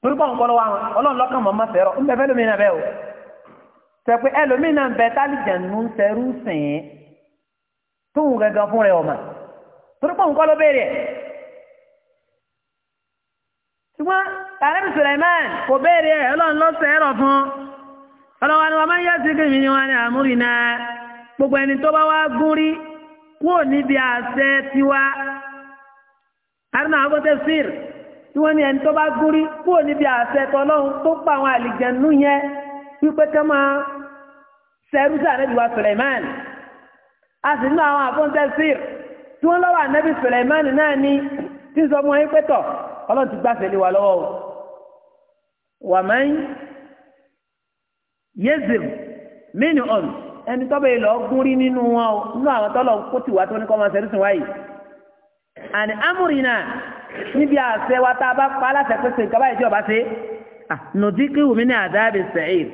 torí báwọn kọ́ lọ́wọ́ àwọn ọlọ́run lọ́kàn mọ́ máa fẹ́rọ ń bẹ fẹ́lòmínà bẹ́ẹ̀ o sọ pé ẹlòmínà ń bẹ tálìjẹ̀nu ń sẹ́rù sìn tóun gangan fún rẹ ọ̀mà torí kọ́ béèrè ṣùgbọ́n kò ọlọ́run fún ọlọ́wọ́ gbogbo ẹni tó bá wá gún rí kúrò níbi àṣẹ tiwa arúnà àbọ̀tẹ́ sír tí wọ́n ní ẹni tó bá gún rí kúrò níbi àṣẹ tọlọ́hun tó pa àwọn àlìjẹ̀nú yẹn wípé ká máa sẹ́rúsà nẹ́bí wa Suleiman a sì nínú àwọn àbọ̀tẹ́ sír tí wọ́n lọ́wọ́ ànẹ́bí Suleiman náà ní tí sọ fún yín pé ọlọ́run ti gbàfẹ́ lé wa lọ́wọ́ wàmẹ́yìn yézìm mínú ọ̀nù ẹni tọ́bẹ̀ yìí lọ gún rí nínú wọn o nínú àwọn tọ́lọ̀ kó tìwá tó ní kọ́ máa ṣẹ́rìsìn wáyìí àní amúrinà níbi àṣẹ wa tá a bá pa aláṣẹ pèsè nǹkan báyìí tí ọba ṣe nùdíkì wùmí ní àdáàbì sẹ́yìn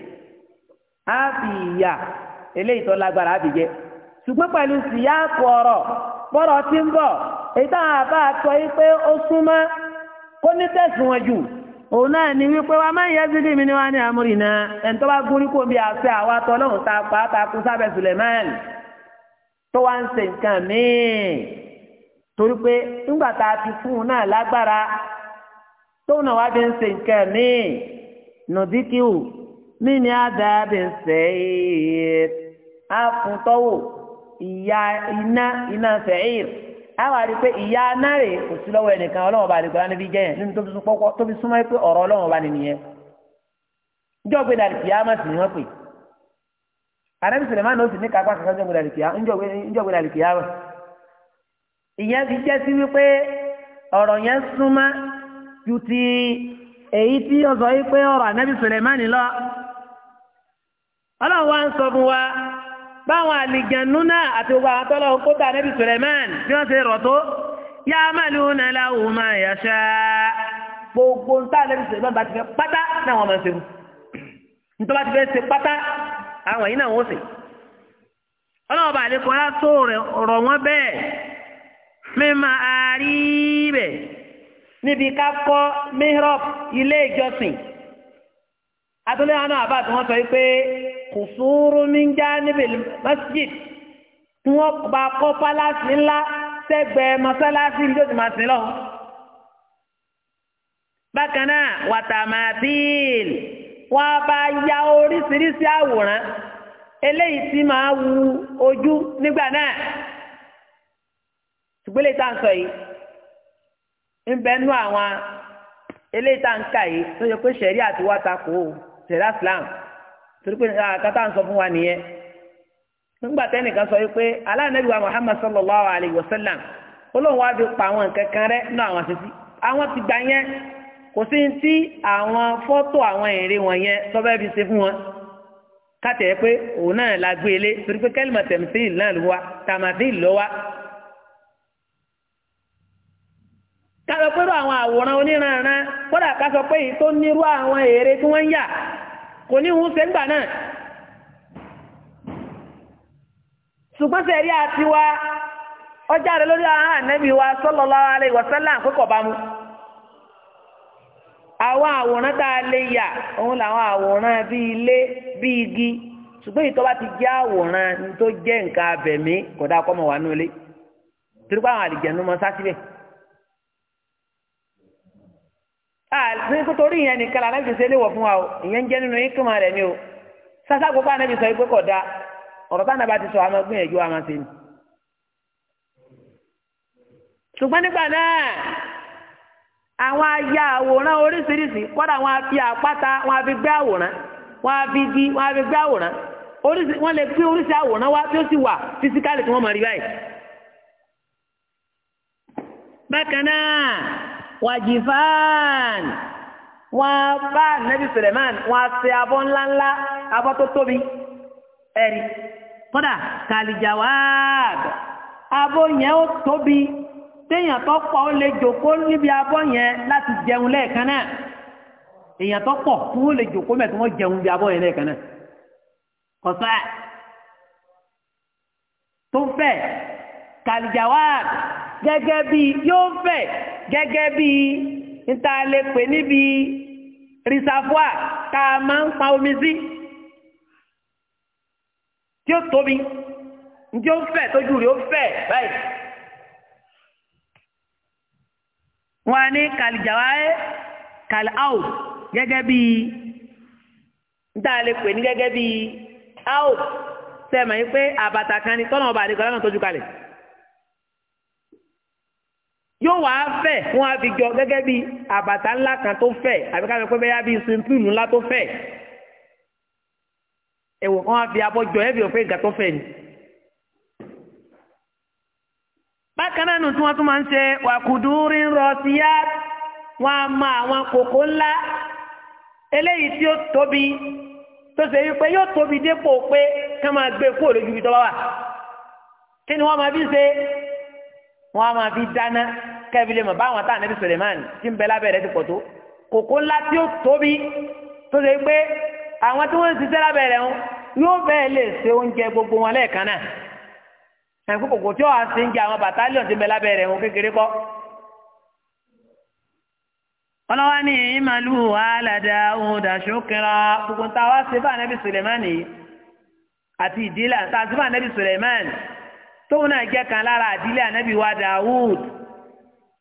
á fi ìyà eléyìí tó lágbára á fi jẹ ṣùgbọ́n pẹ̀lú síyáàpù ọ̀rọ̀ bọ́rọ̀ ti ń bọ̀ èyí táwọn àbá àtọ́ yìí pé ó súnmọ́ kó ní tẹ̀sùn wọn jù òun náà ni wípé wa máa ń yẹ sídì mi ní wá ní àmúrì náà ẹni tó bá gúrí kó bí àṣẹ àwa tọ́ lọ́hùn ta pa á takú sábẹ́ Suleiman tó wá ń ṣe nǹkan míì torí pé nígbà tá a ti fún un náà lágbára tóun náà wá bí ń ṣe nǹkan míì nùdíkìú mí ni àdáàbì ń ṣe é àfùntọ́wò ìyá iná iná fẹ̀ẹ́yìí. àwọn àti pé ìyá anáre kò sí lọ́wọ́ ẹnìkan ọlọ́wọ́ bá àdìgbò lánàá jẹ́ yẹn nínú tóbi súnmọ́ súnmọ́ pé ọ̀rọ̀ ọlọ́wọ́ bá nìyẹn njọ́ gbé dàrí kìá má sì ní wọ́n pè àdàbí ní kápá kankan kìá kìá ìyẹn jẹ́ sí wípé ọ̀rọ̀ yẹn súnmọ́ ju báwọn àlìjànú náà àti gbogbo àwọn tọ́lọ́ kó tà níbi Suleiman bí wọ́n ṣe rọ̀ tó yá mẹ́lú náà láwùú máa yàṣá gbogbo ń tà níbi Suleiman bá ti fẹ́ pátá náà wọ́n máa ṣe fún nítorí ti fẹ́ ṣe pátá àwọn yìí náà wọ́n ṣe ọlọ́ọ̀bà àlekọ́ lásò rọ̀ wọ́n bẹ́ẹ̀ mímọ àárí bẹ̀ níbi ká kọ́ mihrab ilé ìjọsìn atúlẹ̀ àwọn àbá tí wọ́n sọ pé kò sóró ní já níbi masjid tí wọ́n bá kọ́ pálásì ńlá sẹ́gbẹ̀ẹ́ mọ́sálásí ní tó ti máa sin lọ́wọ́. bákan náà wàtàmàdìl wọ́n bá ya oríṣiríṣi àwòrán eléyìí tí máa wu ojú nígbà náà ṣùgbọ́n eléyìí tá à ń sọ yìí ń bẹ́ẹ̀ àwọn eléyìí tá ń kà yìí tó yẹ pé ṣẹ̀rí àti wá ta kò ó. ṣẹ̀dá islam torí pé ah, kátà ń sọ fún wa nìyẹn nígbà tẹ́nìkan sọ wípé aláàánẹ́bí wa muhammad sallallahu alayhi wa sallam olóhùn wa fi pa àwọn nǹkan rẹ nínú àwọn àwọn ti gbà yẹn kò sí ti àwọn fọ́tò àwọn ère wọn yẹn fi fún wọn kátà yẹ pé òun náà la kásọ awọn àwọn àwòrán oníranran kódà kásọ pé tó nírú àwọn èèrè tí wọ́n ń yà kò ní hun ṣe náà ṣùgbọ́n sẹ́rí àti wa ọjà rẹ lórí àwọn ànẹ́bí wa sallallahu alaihi wasallam àkókò bá mú àwọn àwòrán tá a lè yà àti ah, nítorí ìyẹn nìkan la anábì ṣe léwọ̀ fún wa o ìyẹn ń jẹ́ nínú ìkìmọ̀ rẹ̀ ni o sasa gbogbo anábì sọ pé kò da ọ̀rọ̀ táwọn bá ti sọ àmọ́ gbìyànjú àmọ́ sí ni. ṣùgbọ́n nígbà náà àwọn aya àwòrán oríṣiríṣi kọ́dà wọn fi àpáta wọn fi gbé àwòrán wọn fi di wọn fi gbé àwòrán oríṣi wọn lè fi oríṣi àwòrán wá tí ó sì wà fisikálì tí wọ́n mọ̀ rí báyìí. bákan náà wàjìfáàn wọn bá nẹ́bí Suleiman wọn ṣe abọ́ ńláńlá abọ́ tó tóbi ẹ̀rí kódà kàlìjàwáàd abọ́ yẹn ó tóbi téèyàn tó pọ̀ ó lè jòkó níbi abọ́ yẹn láti jẹun lẹ́ẹ̀kan náà èèyàn tó pọ̀ tí wọ́n lè jòkó mẹ́tí wọ́n jẹun bí abọ́ yẹn lẹ́ẹ̀kan náà kọ̀sá tó fẹ́ kàlìjàwáàd gẹ́gẹ́ bí yóò fẹ́ gẹ́gẹ́ bí níta lè pè níbi rìsàfúà tá a máa ń pa omi sí tí ó tóbi njẹ́ ó fẹ̀ tójú rẹ̀ ó fẹ̀ báyìí. wọ́n á ní kàlìjàwá kàlì áùd gẹ́gẹ́ bí níta lè pè ní gẹ́gẹ́ bí áùd sẹ́mi pé àbàtà kan ní tọ́nà ọba àdìgbò lánàá tójú kalẹ̀ yóò wá fẹ̀ wọ́n á fi jọ gẹ́gẹ́ bí àbàtà ńlá kan tó fẹ̀ àbí ká lọ pé bẹ́yà bíi simpulu ńlá tó fẹ̀ ẹ̀wọ̀ wọ́n á fi abọ́ jọ ẹ̀bí òfin ìgbà tó fẹ̀ ni. bákan náà nù tí wọ́n tún máa ń ṣe wàkùdúrí rọ síyá a á mọ àwọn kòkó ńlá eléyìí tí ó tóbi tó ṣe wípé yóò tóbi dépò pé ká máa gbé kúrò lójú ibi tó bá wà kí ni wọ́n máa fi ṣe wọn a máa fi dáná kẹ́bílẹ̀ mọ̀ báwọn tá ànábì Suleiman tí ń bẹ lábẹ́rẹ́ ti pọ̀ tó kòkó ńlá tí ó tóbi tó ṣe pé àwọn tí wọ́n ń ṣiṣẹ́ lábẹ́rẹ́ wọn yóò bẹ́ẹ̀ lè ṣe oúnjẹ gbogbo wọn lẹ́ẹ̀kan náà ẹ̀kú kòkó tí wọ́n á ń jẹ àwọn bàtálíọ̀n tí ń bẹ lábẹ́rẹ́ wọn kékeré kọ́. ọlọ́wọ́ ní ìmàlú aládà ohun dàṣó kẹra gbogbo táwa ṣe fún ànábì Suleiman yìí àti ìdílé tóun náà jẹ́ kan lára àdílé ànábì wa Dawud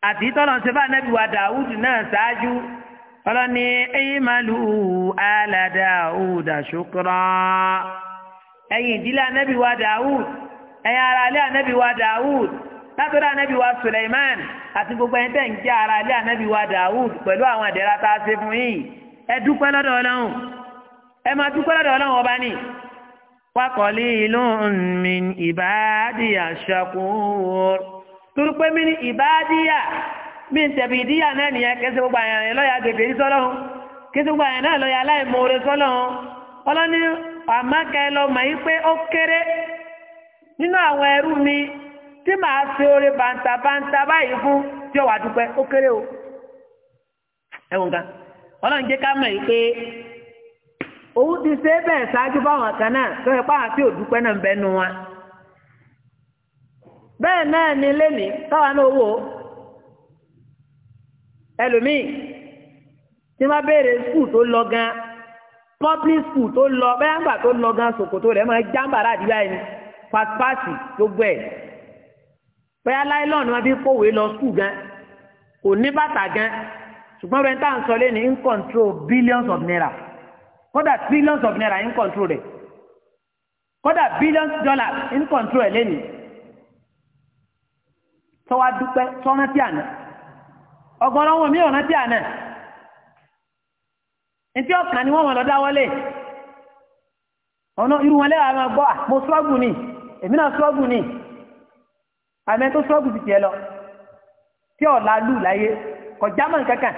àti tọ́lọ̀ ṣe bá ànábì wa Dawud náà ṣáájú ọlọ́ni aymalu ala Dawud shukra ẹ̀yìn ìdílé ànábì wa Dawud ẹ̀yìn ara ilé ànábì wa Dawud látọ̀dọ̀ ànábì wa Suleiman àti gbogbo ẹni tẹ̀ ń jẹ́ ara ilé ànábì pẹ̀lú àwọn àdẹ́rà ṣe fún yìí ẹ dúpẹ́ lọ́dọ̀ Ọlọ́run ẹ máa dúpẹ́ lọ́dọ̀ Ọlọ́run ọba ni wákọ̀lé ìlú mi ìbáàdìyà ṣàkóòr turupé mi ní ìbáàdìyà mi ń tẹ̀bi ìdíyà náà nìyẹn kẹsí gbogbo àyàn rẹ̀ lọ́yà gègé sọ́lọ́hún kẹsí gbogbo àyàn náà lọ́yà aláìmoore sọ́lọ́hún ọlọ́ni àmákẹ́ lọ mọ̀ yí pé ó nínú àwọn ẹrú mi tí màá fi oore bàǹtàbàǹtà báyìí fún tí ó wà dúpẹ́ o ẹ̀wọ̀n kan ọlọ́run jẹ́ ká mọ̀ pé òun ti ṣe bẹ́ẹ̀ ṣáájú fáwọn kan náà tó yẹ pàwọn tí ò náà ń wa bẹ́ẹ̀ náà ni lẹ́nìí táwa náà wò ẹlòmíì tí wọ́n béèrè skul tó lọ gan public skul tó lọ bẹ́ẹ̀ to tó gan ṣòkòtò rẹ̀ máa jábàrà àdìgbà yẹn pàṣípàṣì gbogbo ẹ̀ bẹ́ẹ̀ láìlọ́ọ̀nù wọn fi kówèé lọ skul gan kò ní gan ṣùgbọ́n bẹ́ẹ̀ tá à ni billions of naira. kódà trillions of naira in control rẹ̀ kódà billions dollars ń control ẹ̀ lẹ́nu tọ́wá dúpẹ́ tọ́ná tí àná ọgbọ́n mi ntí ni wọ́n wọn lọ dáwọ́lé ọ̀nà irú wọn lẹ́wàá máa gbọ́ àpò ah, sọ́ọ̀gù ni èmi náà sọ́ọ̀gù ni àmì tó sọ́ọ̀gù ti tiẹ̀ lọ tí ọ̀la lù láyé kọjá mọ́ nǹkan kan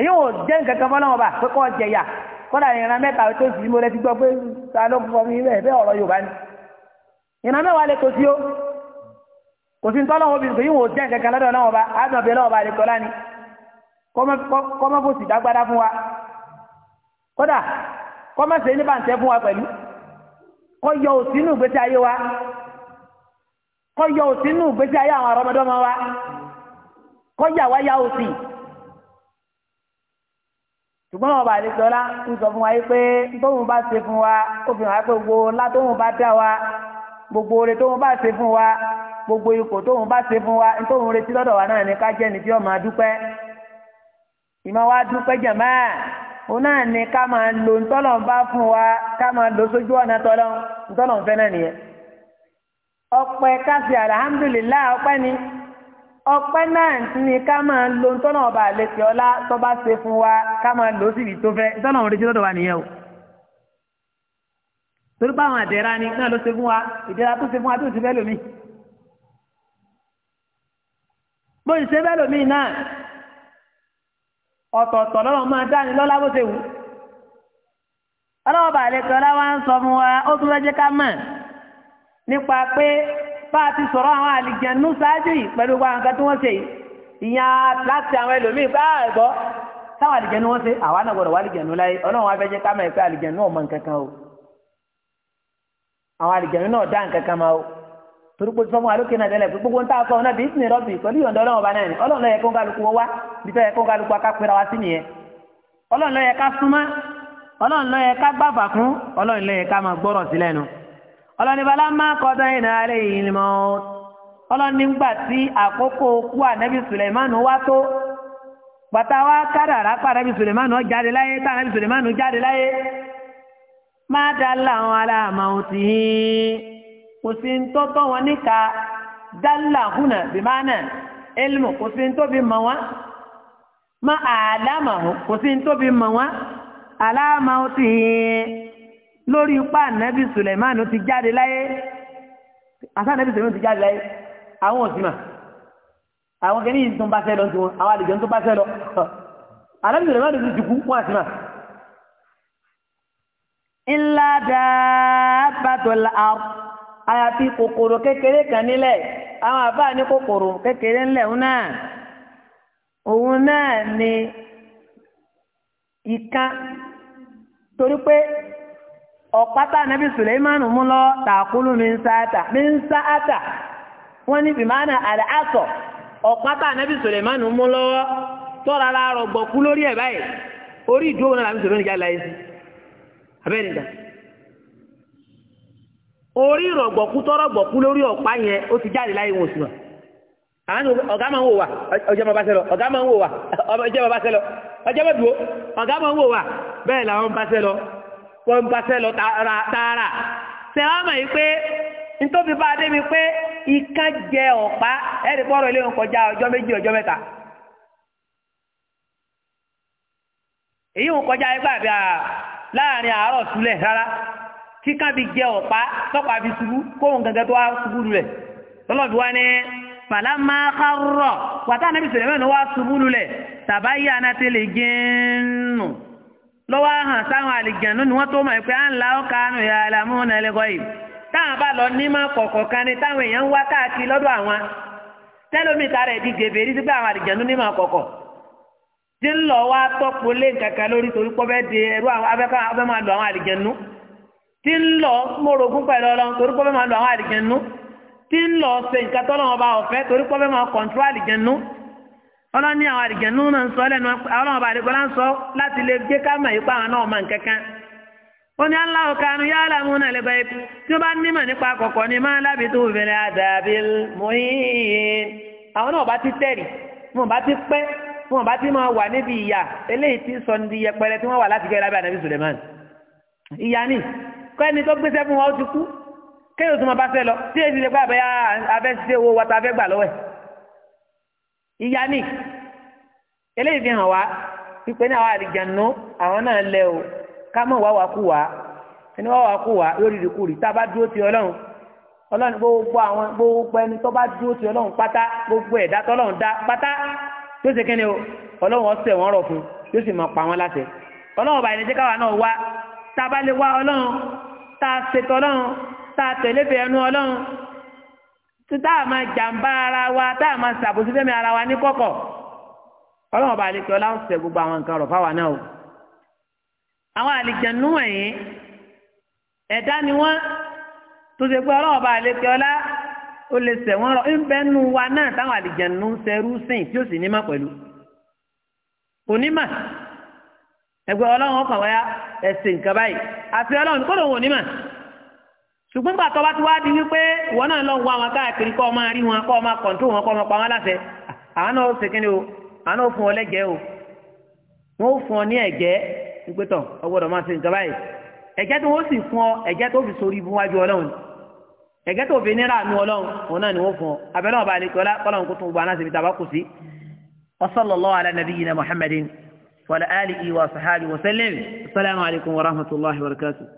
èyí ò jẹ́ nǹkan kan pé kọ́ ya. kọda ìran mẹ́ta tó sì mo lẹ́ti gbọ́ pé ta ló fọ mi bẹ́ẹ̀ bẹ́ẹ̀ ọ̀rọ̀ Yorùbá ni ìran mẹ́wàá lè kò sí o kò sí tọ́lọ́wọ́ bí pé yíwọ̀n jẹ́ ọba àdùnàbẹ̀ náà ọba àdìkọ́lá ni Kọma dágbádá fún wa kọ́dà kọ́mọ́ ní bàǹtẹ́ wa pẹ̀lú kọ́ yọ ayé wa kọ́ yọ ayé àwọn wa kọ́ yà wá ṣùgbọ́n ọba àdìsọ́lá ń sọ fún wa yìí pé tóun bá ṣe fún wa ó fi hàn wá pé gbogbo ńlá tóun bá dá wa gbogbo oore tóun bá ṣe fún wa gbogbo ipò tóun bá ṣe fún wa tóun retí lọ́dọ̀ wa náà ní ká jẹ́ ní tí ọmọ adúpẹ́ ìmọ̀ wa dúpẹ́ jàmá òun náà ní ká máa lo ntọ́lọ̀ ń bá fún wa ká máa lo sójú ọ̀nà tọ́lọ̀ ntọ́lọ̀ fẹ́ náà nìyẹn ọpẹ́ káfí alhamdulillah ọpẹ́ ni ọpẹ́ náà ni ká máa lo tọ́nà ọba àlẹ́sẹ̀ ọlá tó bá ṣe fún wa ká máa lò ó síbi tó fẹ́ tọ́nà òun retí lọ́dọ̀ wa nìyẹn o torí pé àwọn àdẹ̀ra ni náà ló ṣe fún wa ìdẹ̀ra tó ṣe fún wa tó ṣe fẹ́ lómi bó ṣe fẹ́ lómi náà ọ̀tọ̀ọ̀tọ̀ lọ́rọ̀ máa dání lọ́lá bó ṣe wù ọlọ́wọ́ bàálẹ̀ kí ọlá wa ń sọ fún wa ó tún fẹ́ jẹ́ ká mọ̀ nípa pé bá a ti sọ̀rọ̀ àwọn àlìjẹ̀nú ṣáájú yìí pẹ̀lú gbogbo àwọn kan tí wọ́n ṣe yìí ìyẹn láti àwọn ẹlòmíì bá ah, ẹ̀gbọ́ táwọn àlìjẹ̀nú wọ́n ṣe àwa náà gbọ́dọ̀ wà àlìjẹ̀nú láyé ọlọ́run afẹ́jẹ́ ká mọ̀ o àwọn àlìjẹ̀nú náà dá nǹkan o torí pé sọmọ alókè náà tẹ́lẹ̀ gbogbo ń sọ náà bí ìsìn ìrọ́bì pẹ̀lú ìyọ̀ǹda ọlọ́run ọba náà ni ọlọ́run lọ́yẹ kó kálukú wọn wá bí wa sí nìyẹn ọlọ́run lọ́yẹ ká súnmọ́ ọlọ́nibàlá máa kọjá ìnà alẹ́ yìí ni mọ́ ọlọ́nìgbà tí àkókò kú ànábì Sùlẹ̀mánù wá tó bàtà wá kádàrá pa ànábì Sùlẹ̀mánù jáde láyé tá ànábì Sùlẹ̀mánù jáde láyé má dá láwọn aláàmà òtí kò sí ń tó tọ́ wọn níka dálà hùnà bìmánà elmo kò sí ń tóbi mọ̀ wọ́n má àlámà kò sí ń tóbi mọ̀ wọ́n aláàmà òtí lórí ipá ànábì Sùlẹ̀mánù ti jáde láyé àti ànábì Sùlẹ̀mánù ti jáde láyé àwọn òsìmà àwọn kẹ́ni yìí tó ń bá fẹ́ lọ sí wọn àwọn àlejò tó bá fẹ́ lọ ànábì Sùlẹ̀mánù ti ti kú wọn àsìmà. ńlá dábàtò àrùn àyàfi kòkòrò kékeré kan nílẹ̀ àwọn àbá ní kòkòrò kékeré ńlẹ̀ òun náà òun náà ni ìkan torí pé ọ̀pátá nàbí Sùlẹ́mánù mú lọ tàkúlù mi ń sáátà mi ń sáátà wọ́n ní bìmánà àlẹ́ àtọ̀ ọ̀pátá nàbí Sùlẹ́mánù mú lọ́wọ́ tọ́ra láàárọ̀ gbọ̀kú lórí ẹ̀ báyìí orí ìdúró náà làbí Sùlẹ́mánù jáde láyé sí abẹ́rẹ́ nìkan orí ìrọ̀gbọ̀kú tọ́rọ̀ gbọ̀kú lórí ọ̀pá yẹn ó ti jáde láyé wọ́n gbaṣẹ́ lọ tààrà ṣe wọ́n mọ̀ yìí pé nítorí bá dé mi pé ìka jẹ ọ̀pá ẹ̀rí pọ́ọ̀rọ̀ ilé wọn kọjá ọjọ́ méjì ọjọ́ mẹ́ta èyí wọn kọjá ẹgbẹ́ àbí láàrin àárọ̀ súlẹ̀ rárá kíkà bí jẹ ọ̀pá tọ́pá bí ṣubú kóhùn gẹ́gẹ́ tó wá ṣubú lulẹ̀ lọ́lọ́dún fàlámà kárọ̀ wàtá nàbí sèlémẹ́nu wá ṣubú lulẹ̀ gẹ́ẹ́nù. lọ́wọ́ hàn sáwọn àlìjànú ni wọ́n tó mọ̀ pé à ń la ọkà ànú ya àlàmúhùn ẹlẹ́gọ́ yìí táwọn bá lọ nímọ̀ kọ̀ọ̀kọ̀ kan ni táwọn èèyàn ń wá káàkiri lọ́dọ̀ àwọn tẹ́lómìtà rẹ̀ di gèbè rí sípé àwọn àlìjànú nímọ̀ kọ̀ọ̀kọ̀ tí ń lọ wá tọ́pọ̀ lé kankan lórí torí pọ́ bẹ́ẹ̀ di ẹrú abẹ́ máa lọ àwọn àlìjànú tí ń lọ mórogún pẹ̀lú ọlọ́run torí pọ́ bẹ́ẹ̀ máa lọ àwọn àlìjànú tí ń lọ ṣe nǹkan tọ́lọ́wọ́n bá ọ̀fẹ́ ọlọ́run ní àwọn àdìjẹ̀nú náà ń sọ lẹ́nu ọlọ́run ọba àdìgbọ́lá ń sọ láti lè gbé ká mọ̀ ipa àwọn náà mọ̀ nkankan ó ní aláwọ̀ kanu yálà mú náà lè báyìí tí ó bá nímọ̀ nípa kọ̀kọ́ ni máa lábì tó obìnrin àdàbí mọ́yìn àwọn náà bá ti tẹ̀rì wọn bá ti pẹ́ wọn bá ti máa wà níbi ìyà eléyìí ti sọ níbi yẹpẹrẹ tí wọ́n wà láti gẹ́gẹ́ lábẹ́ ànábì Suleiman ìyá ni kẹ́ni tó gbéṣẹ́ fún wa ó ti kú kéèyàn tó máa bá fẹ́ lọ tí èyí ti lè pa àbẹ́ àbẹ́ ṣiṣẹ́ owó wa fẹ́ gbà lọ́wọ́ ẹ̀ ìyá ni eléyìí fi hàn wá pípẹ́ ní àwọn àlìjànú àwọn náà lẹ o ká mọ̀ wá wá kú wá ẹni wá wá kú wá yóò rírì kú rí tá a bá dúró ti ọlọ́run ọlọ́run gbogbo àwọn gbogbo ẹni tó bá dúró ti ọlọ́run pátá gbogbo ẹ̀dá tọ́lọ́run dá pátá yóò ṣe kíni o ọlọ́run ọ̀sẹ̀ wọn rọ̀ fún yóò sì mọ̀ pa wọn láṣẹ ọlọ́run ọba ìdíjẹ́ káwa náà wá tá a bá lè wá ọlọ́run tá a ṣètò ọlọ́run tá a tẹ̀lé tí tá a ara wa tá a máa ṣàbòsí fẹ́mi ara wa ní kọ̀kọ̀ ọlọ́run ọba ń sẹ gbogbo àwọn nǹkan náà o àwọn àlìjẹ̀nú wọ̀nyí ẹ̀dá ni wọ́n tó ṣe pé wa náà táwọn sìn tí ó sì pẹ̀lú onímọ̀ ẹgbẹ́ ọlọ́run ọkàn wáyà ẹ̀sìn ṣùgbọ́n gbà tó bá wá di wípé ìwọ náà lọ ń wá wọn káàkiri kọ́ máa rí wọn kọ́ máa kọ̀ǹtó wọn kọ́ máa pa wọn láṣẹ àwọn ó o àwọn náà ó fún ọ lẹ́jẹ̀ o wọn ó fún ọ ní ẹ̀jẹ̀ wípé tọ̀ ọgbọ́dọ̀ máa ṣe nǹkan báyìí ẹ̀jẹ̀ tí wọ́n sì fún ọ ẹ̀jẹ̀ tó fi sórí ọlọ́run ẹ̀jẹ̀ tó fi ọlọ́run òun náà ni wọ́n fún ọ abẹ́lẹ́ ọba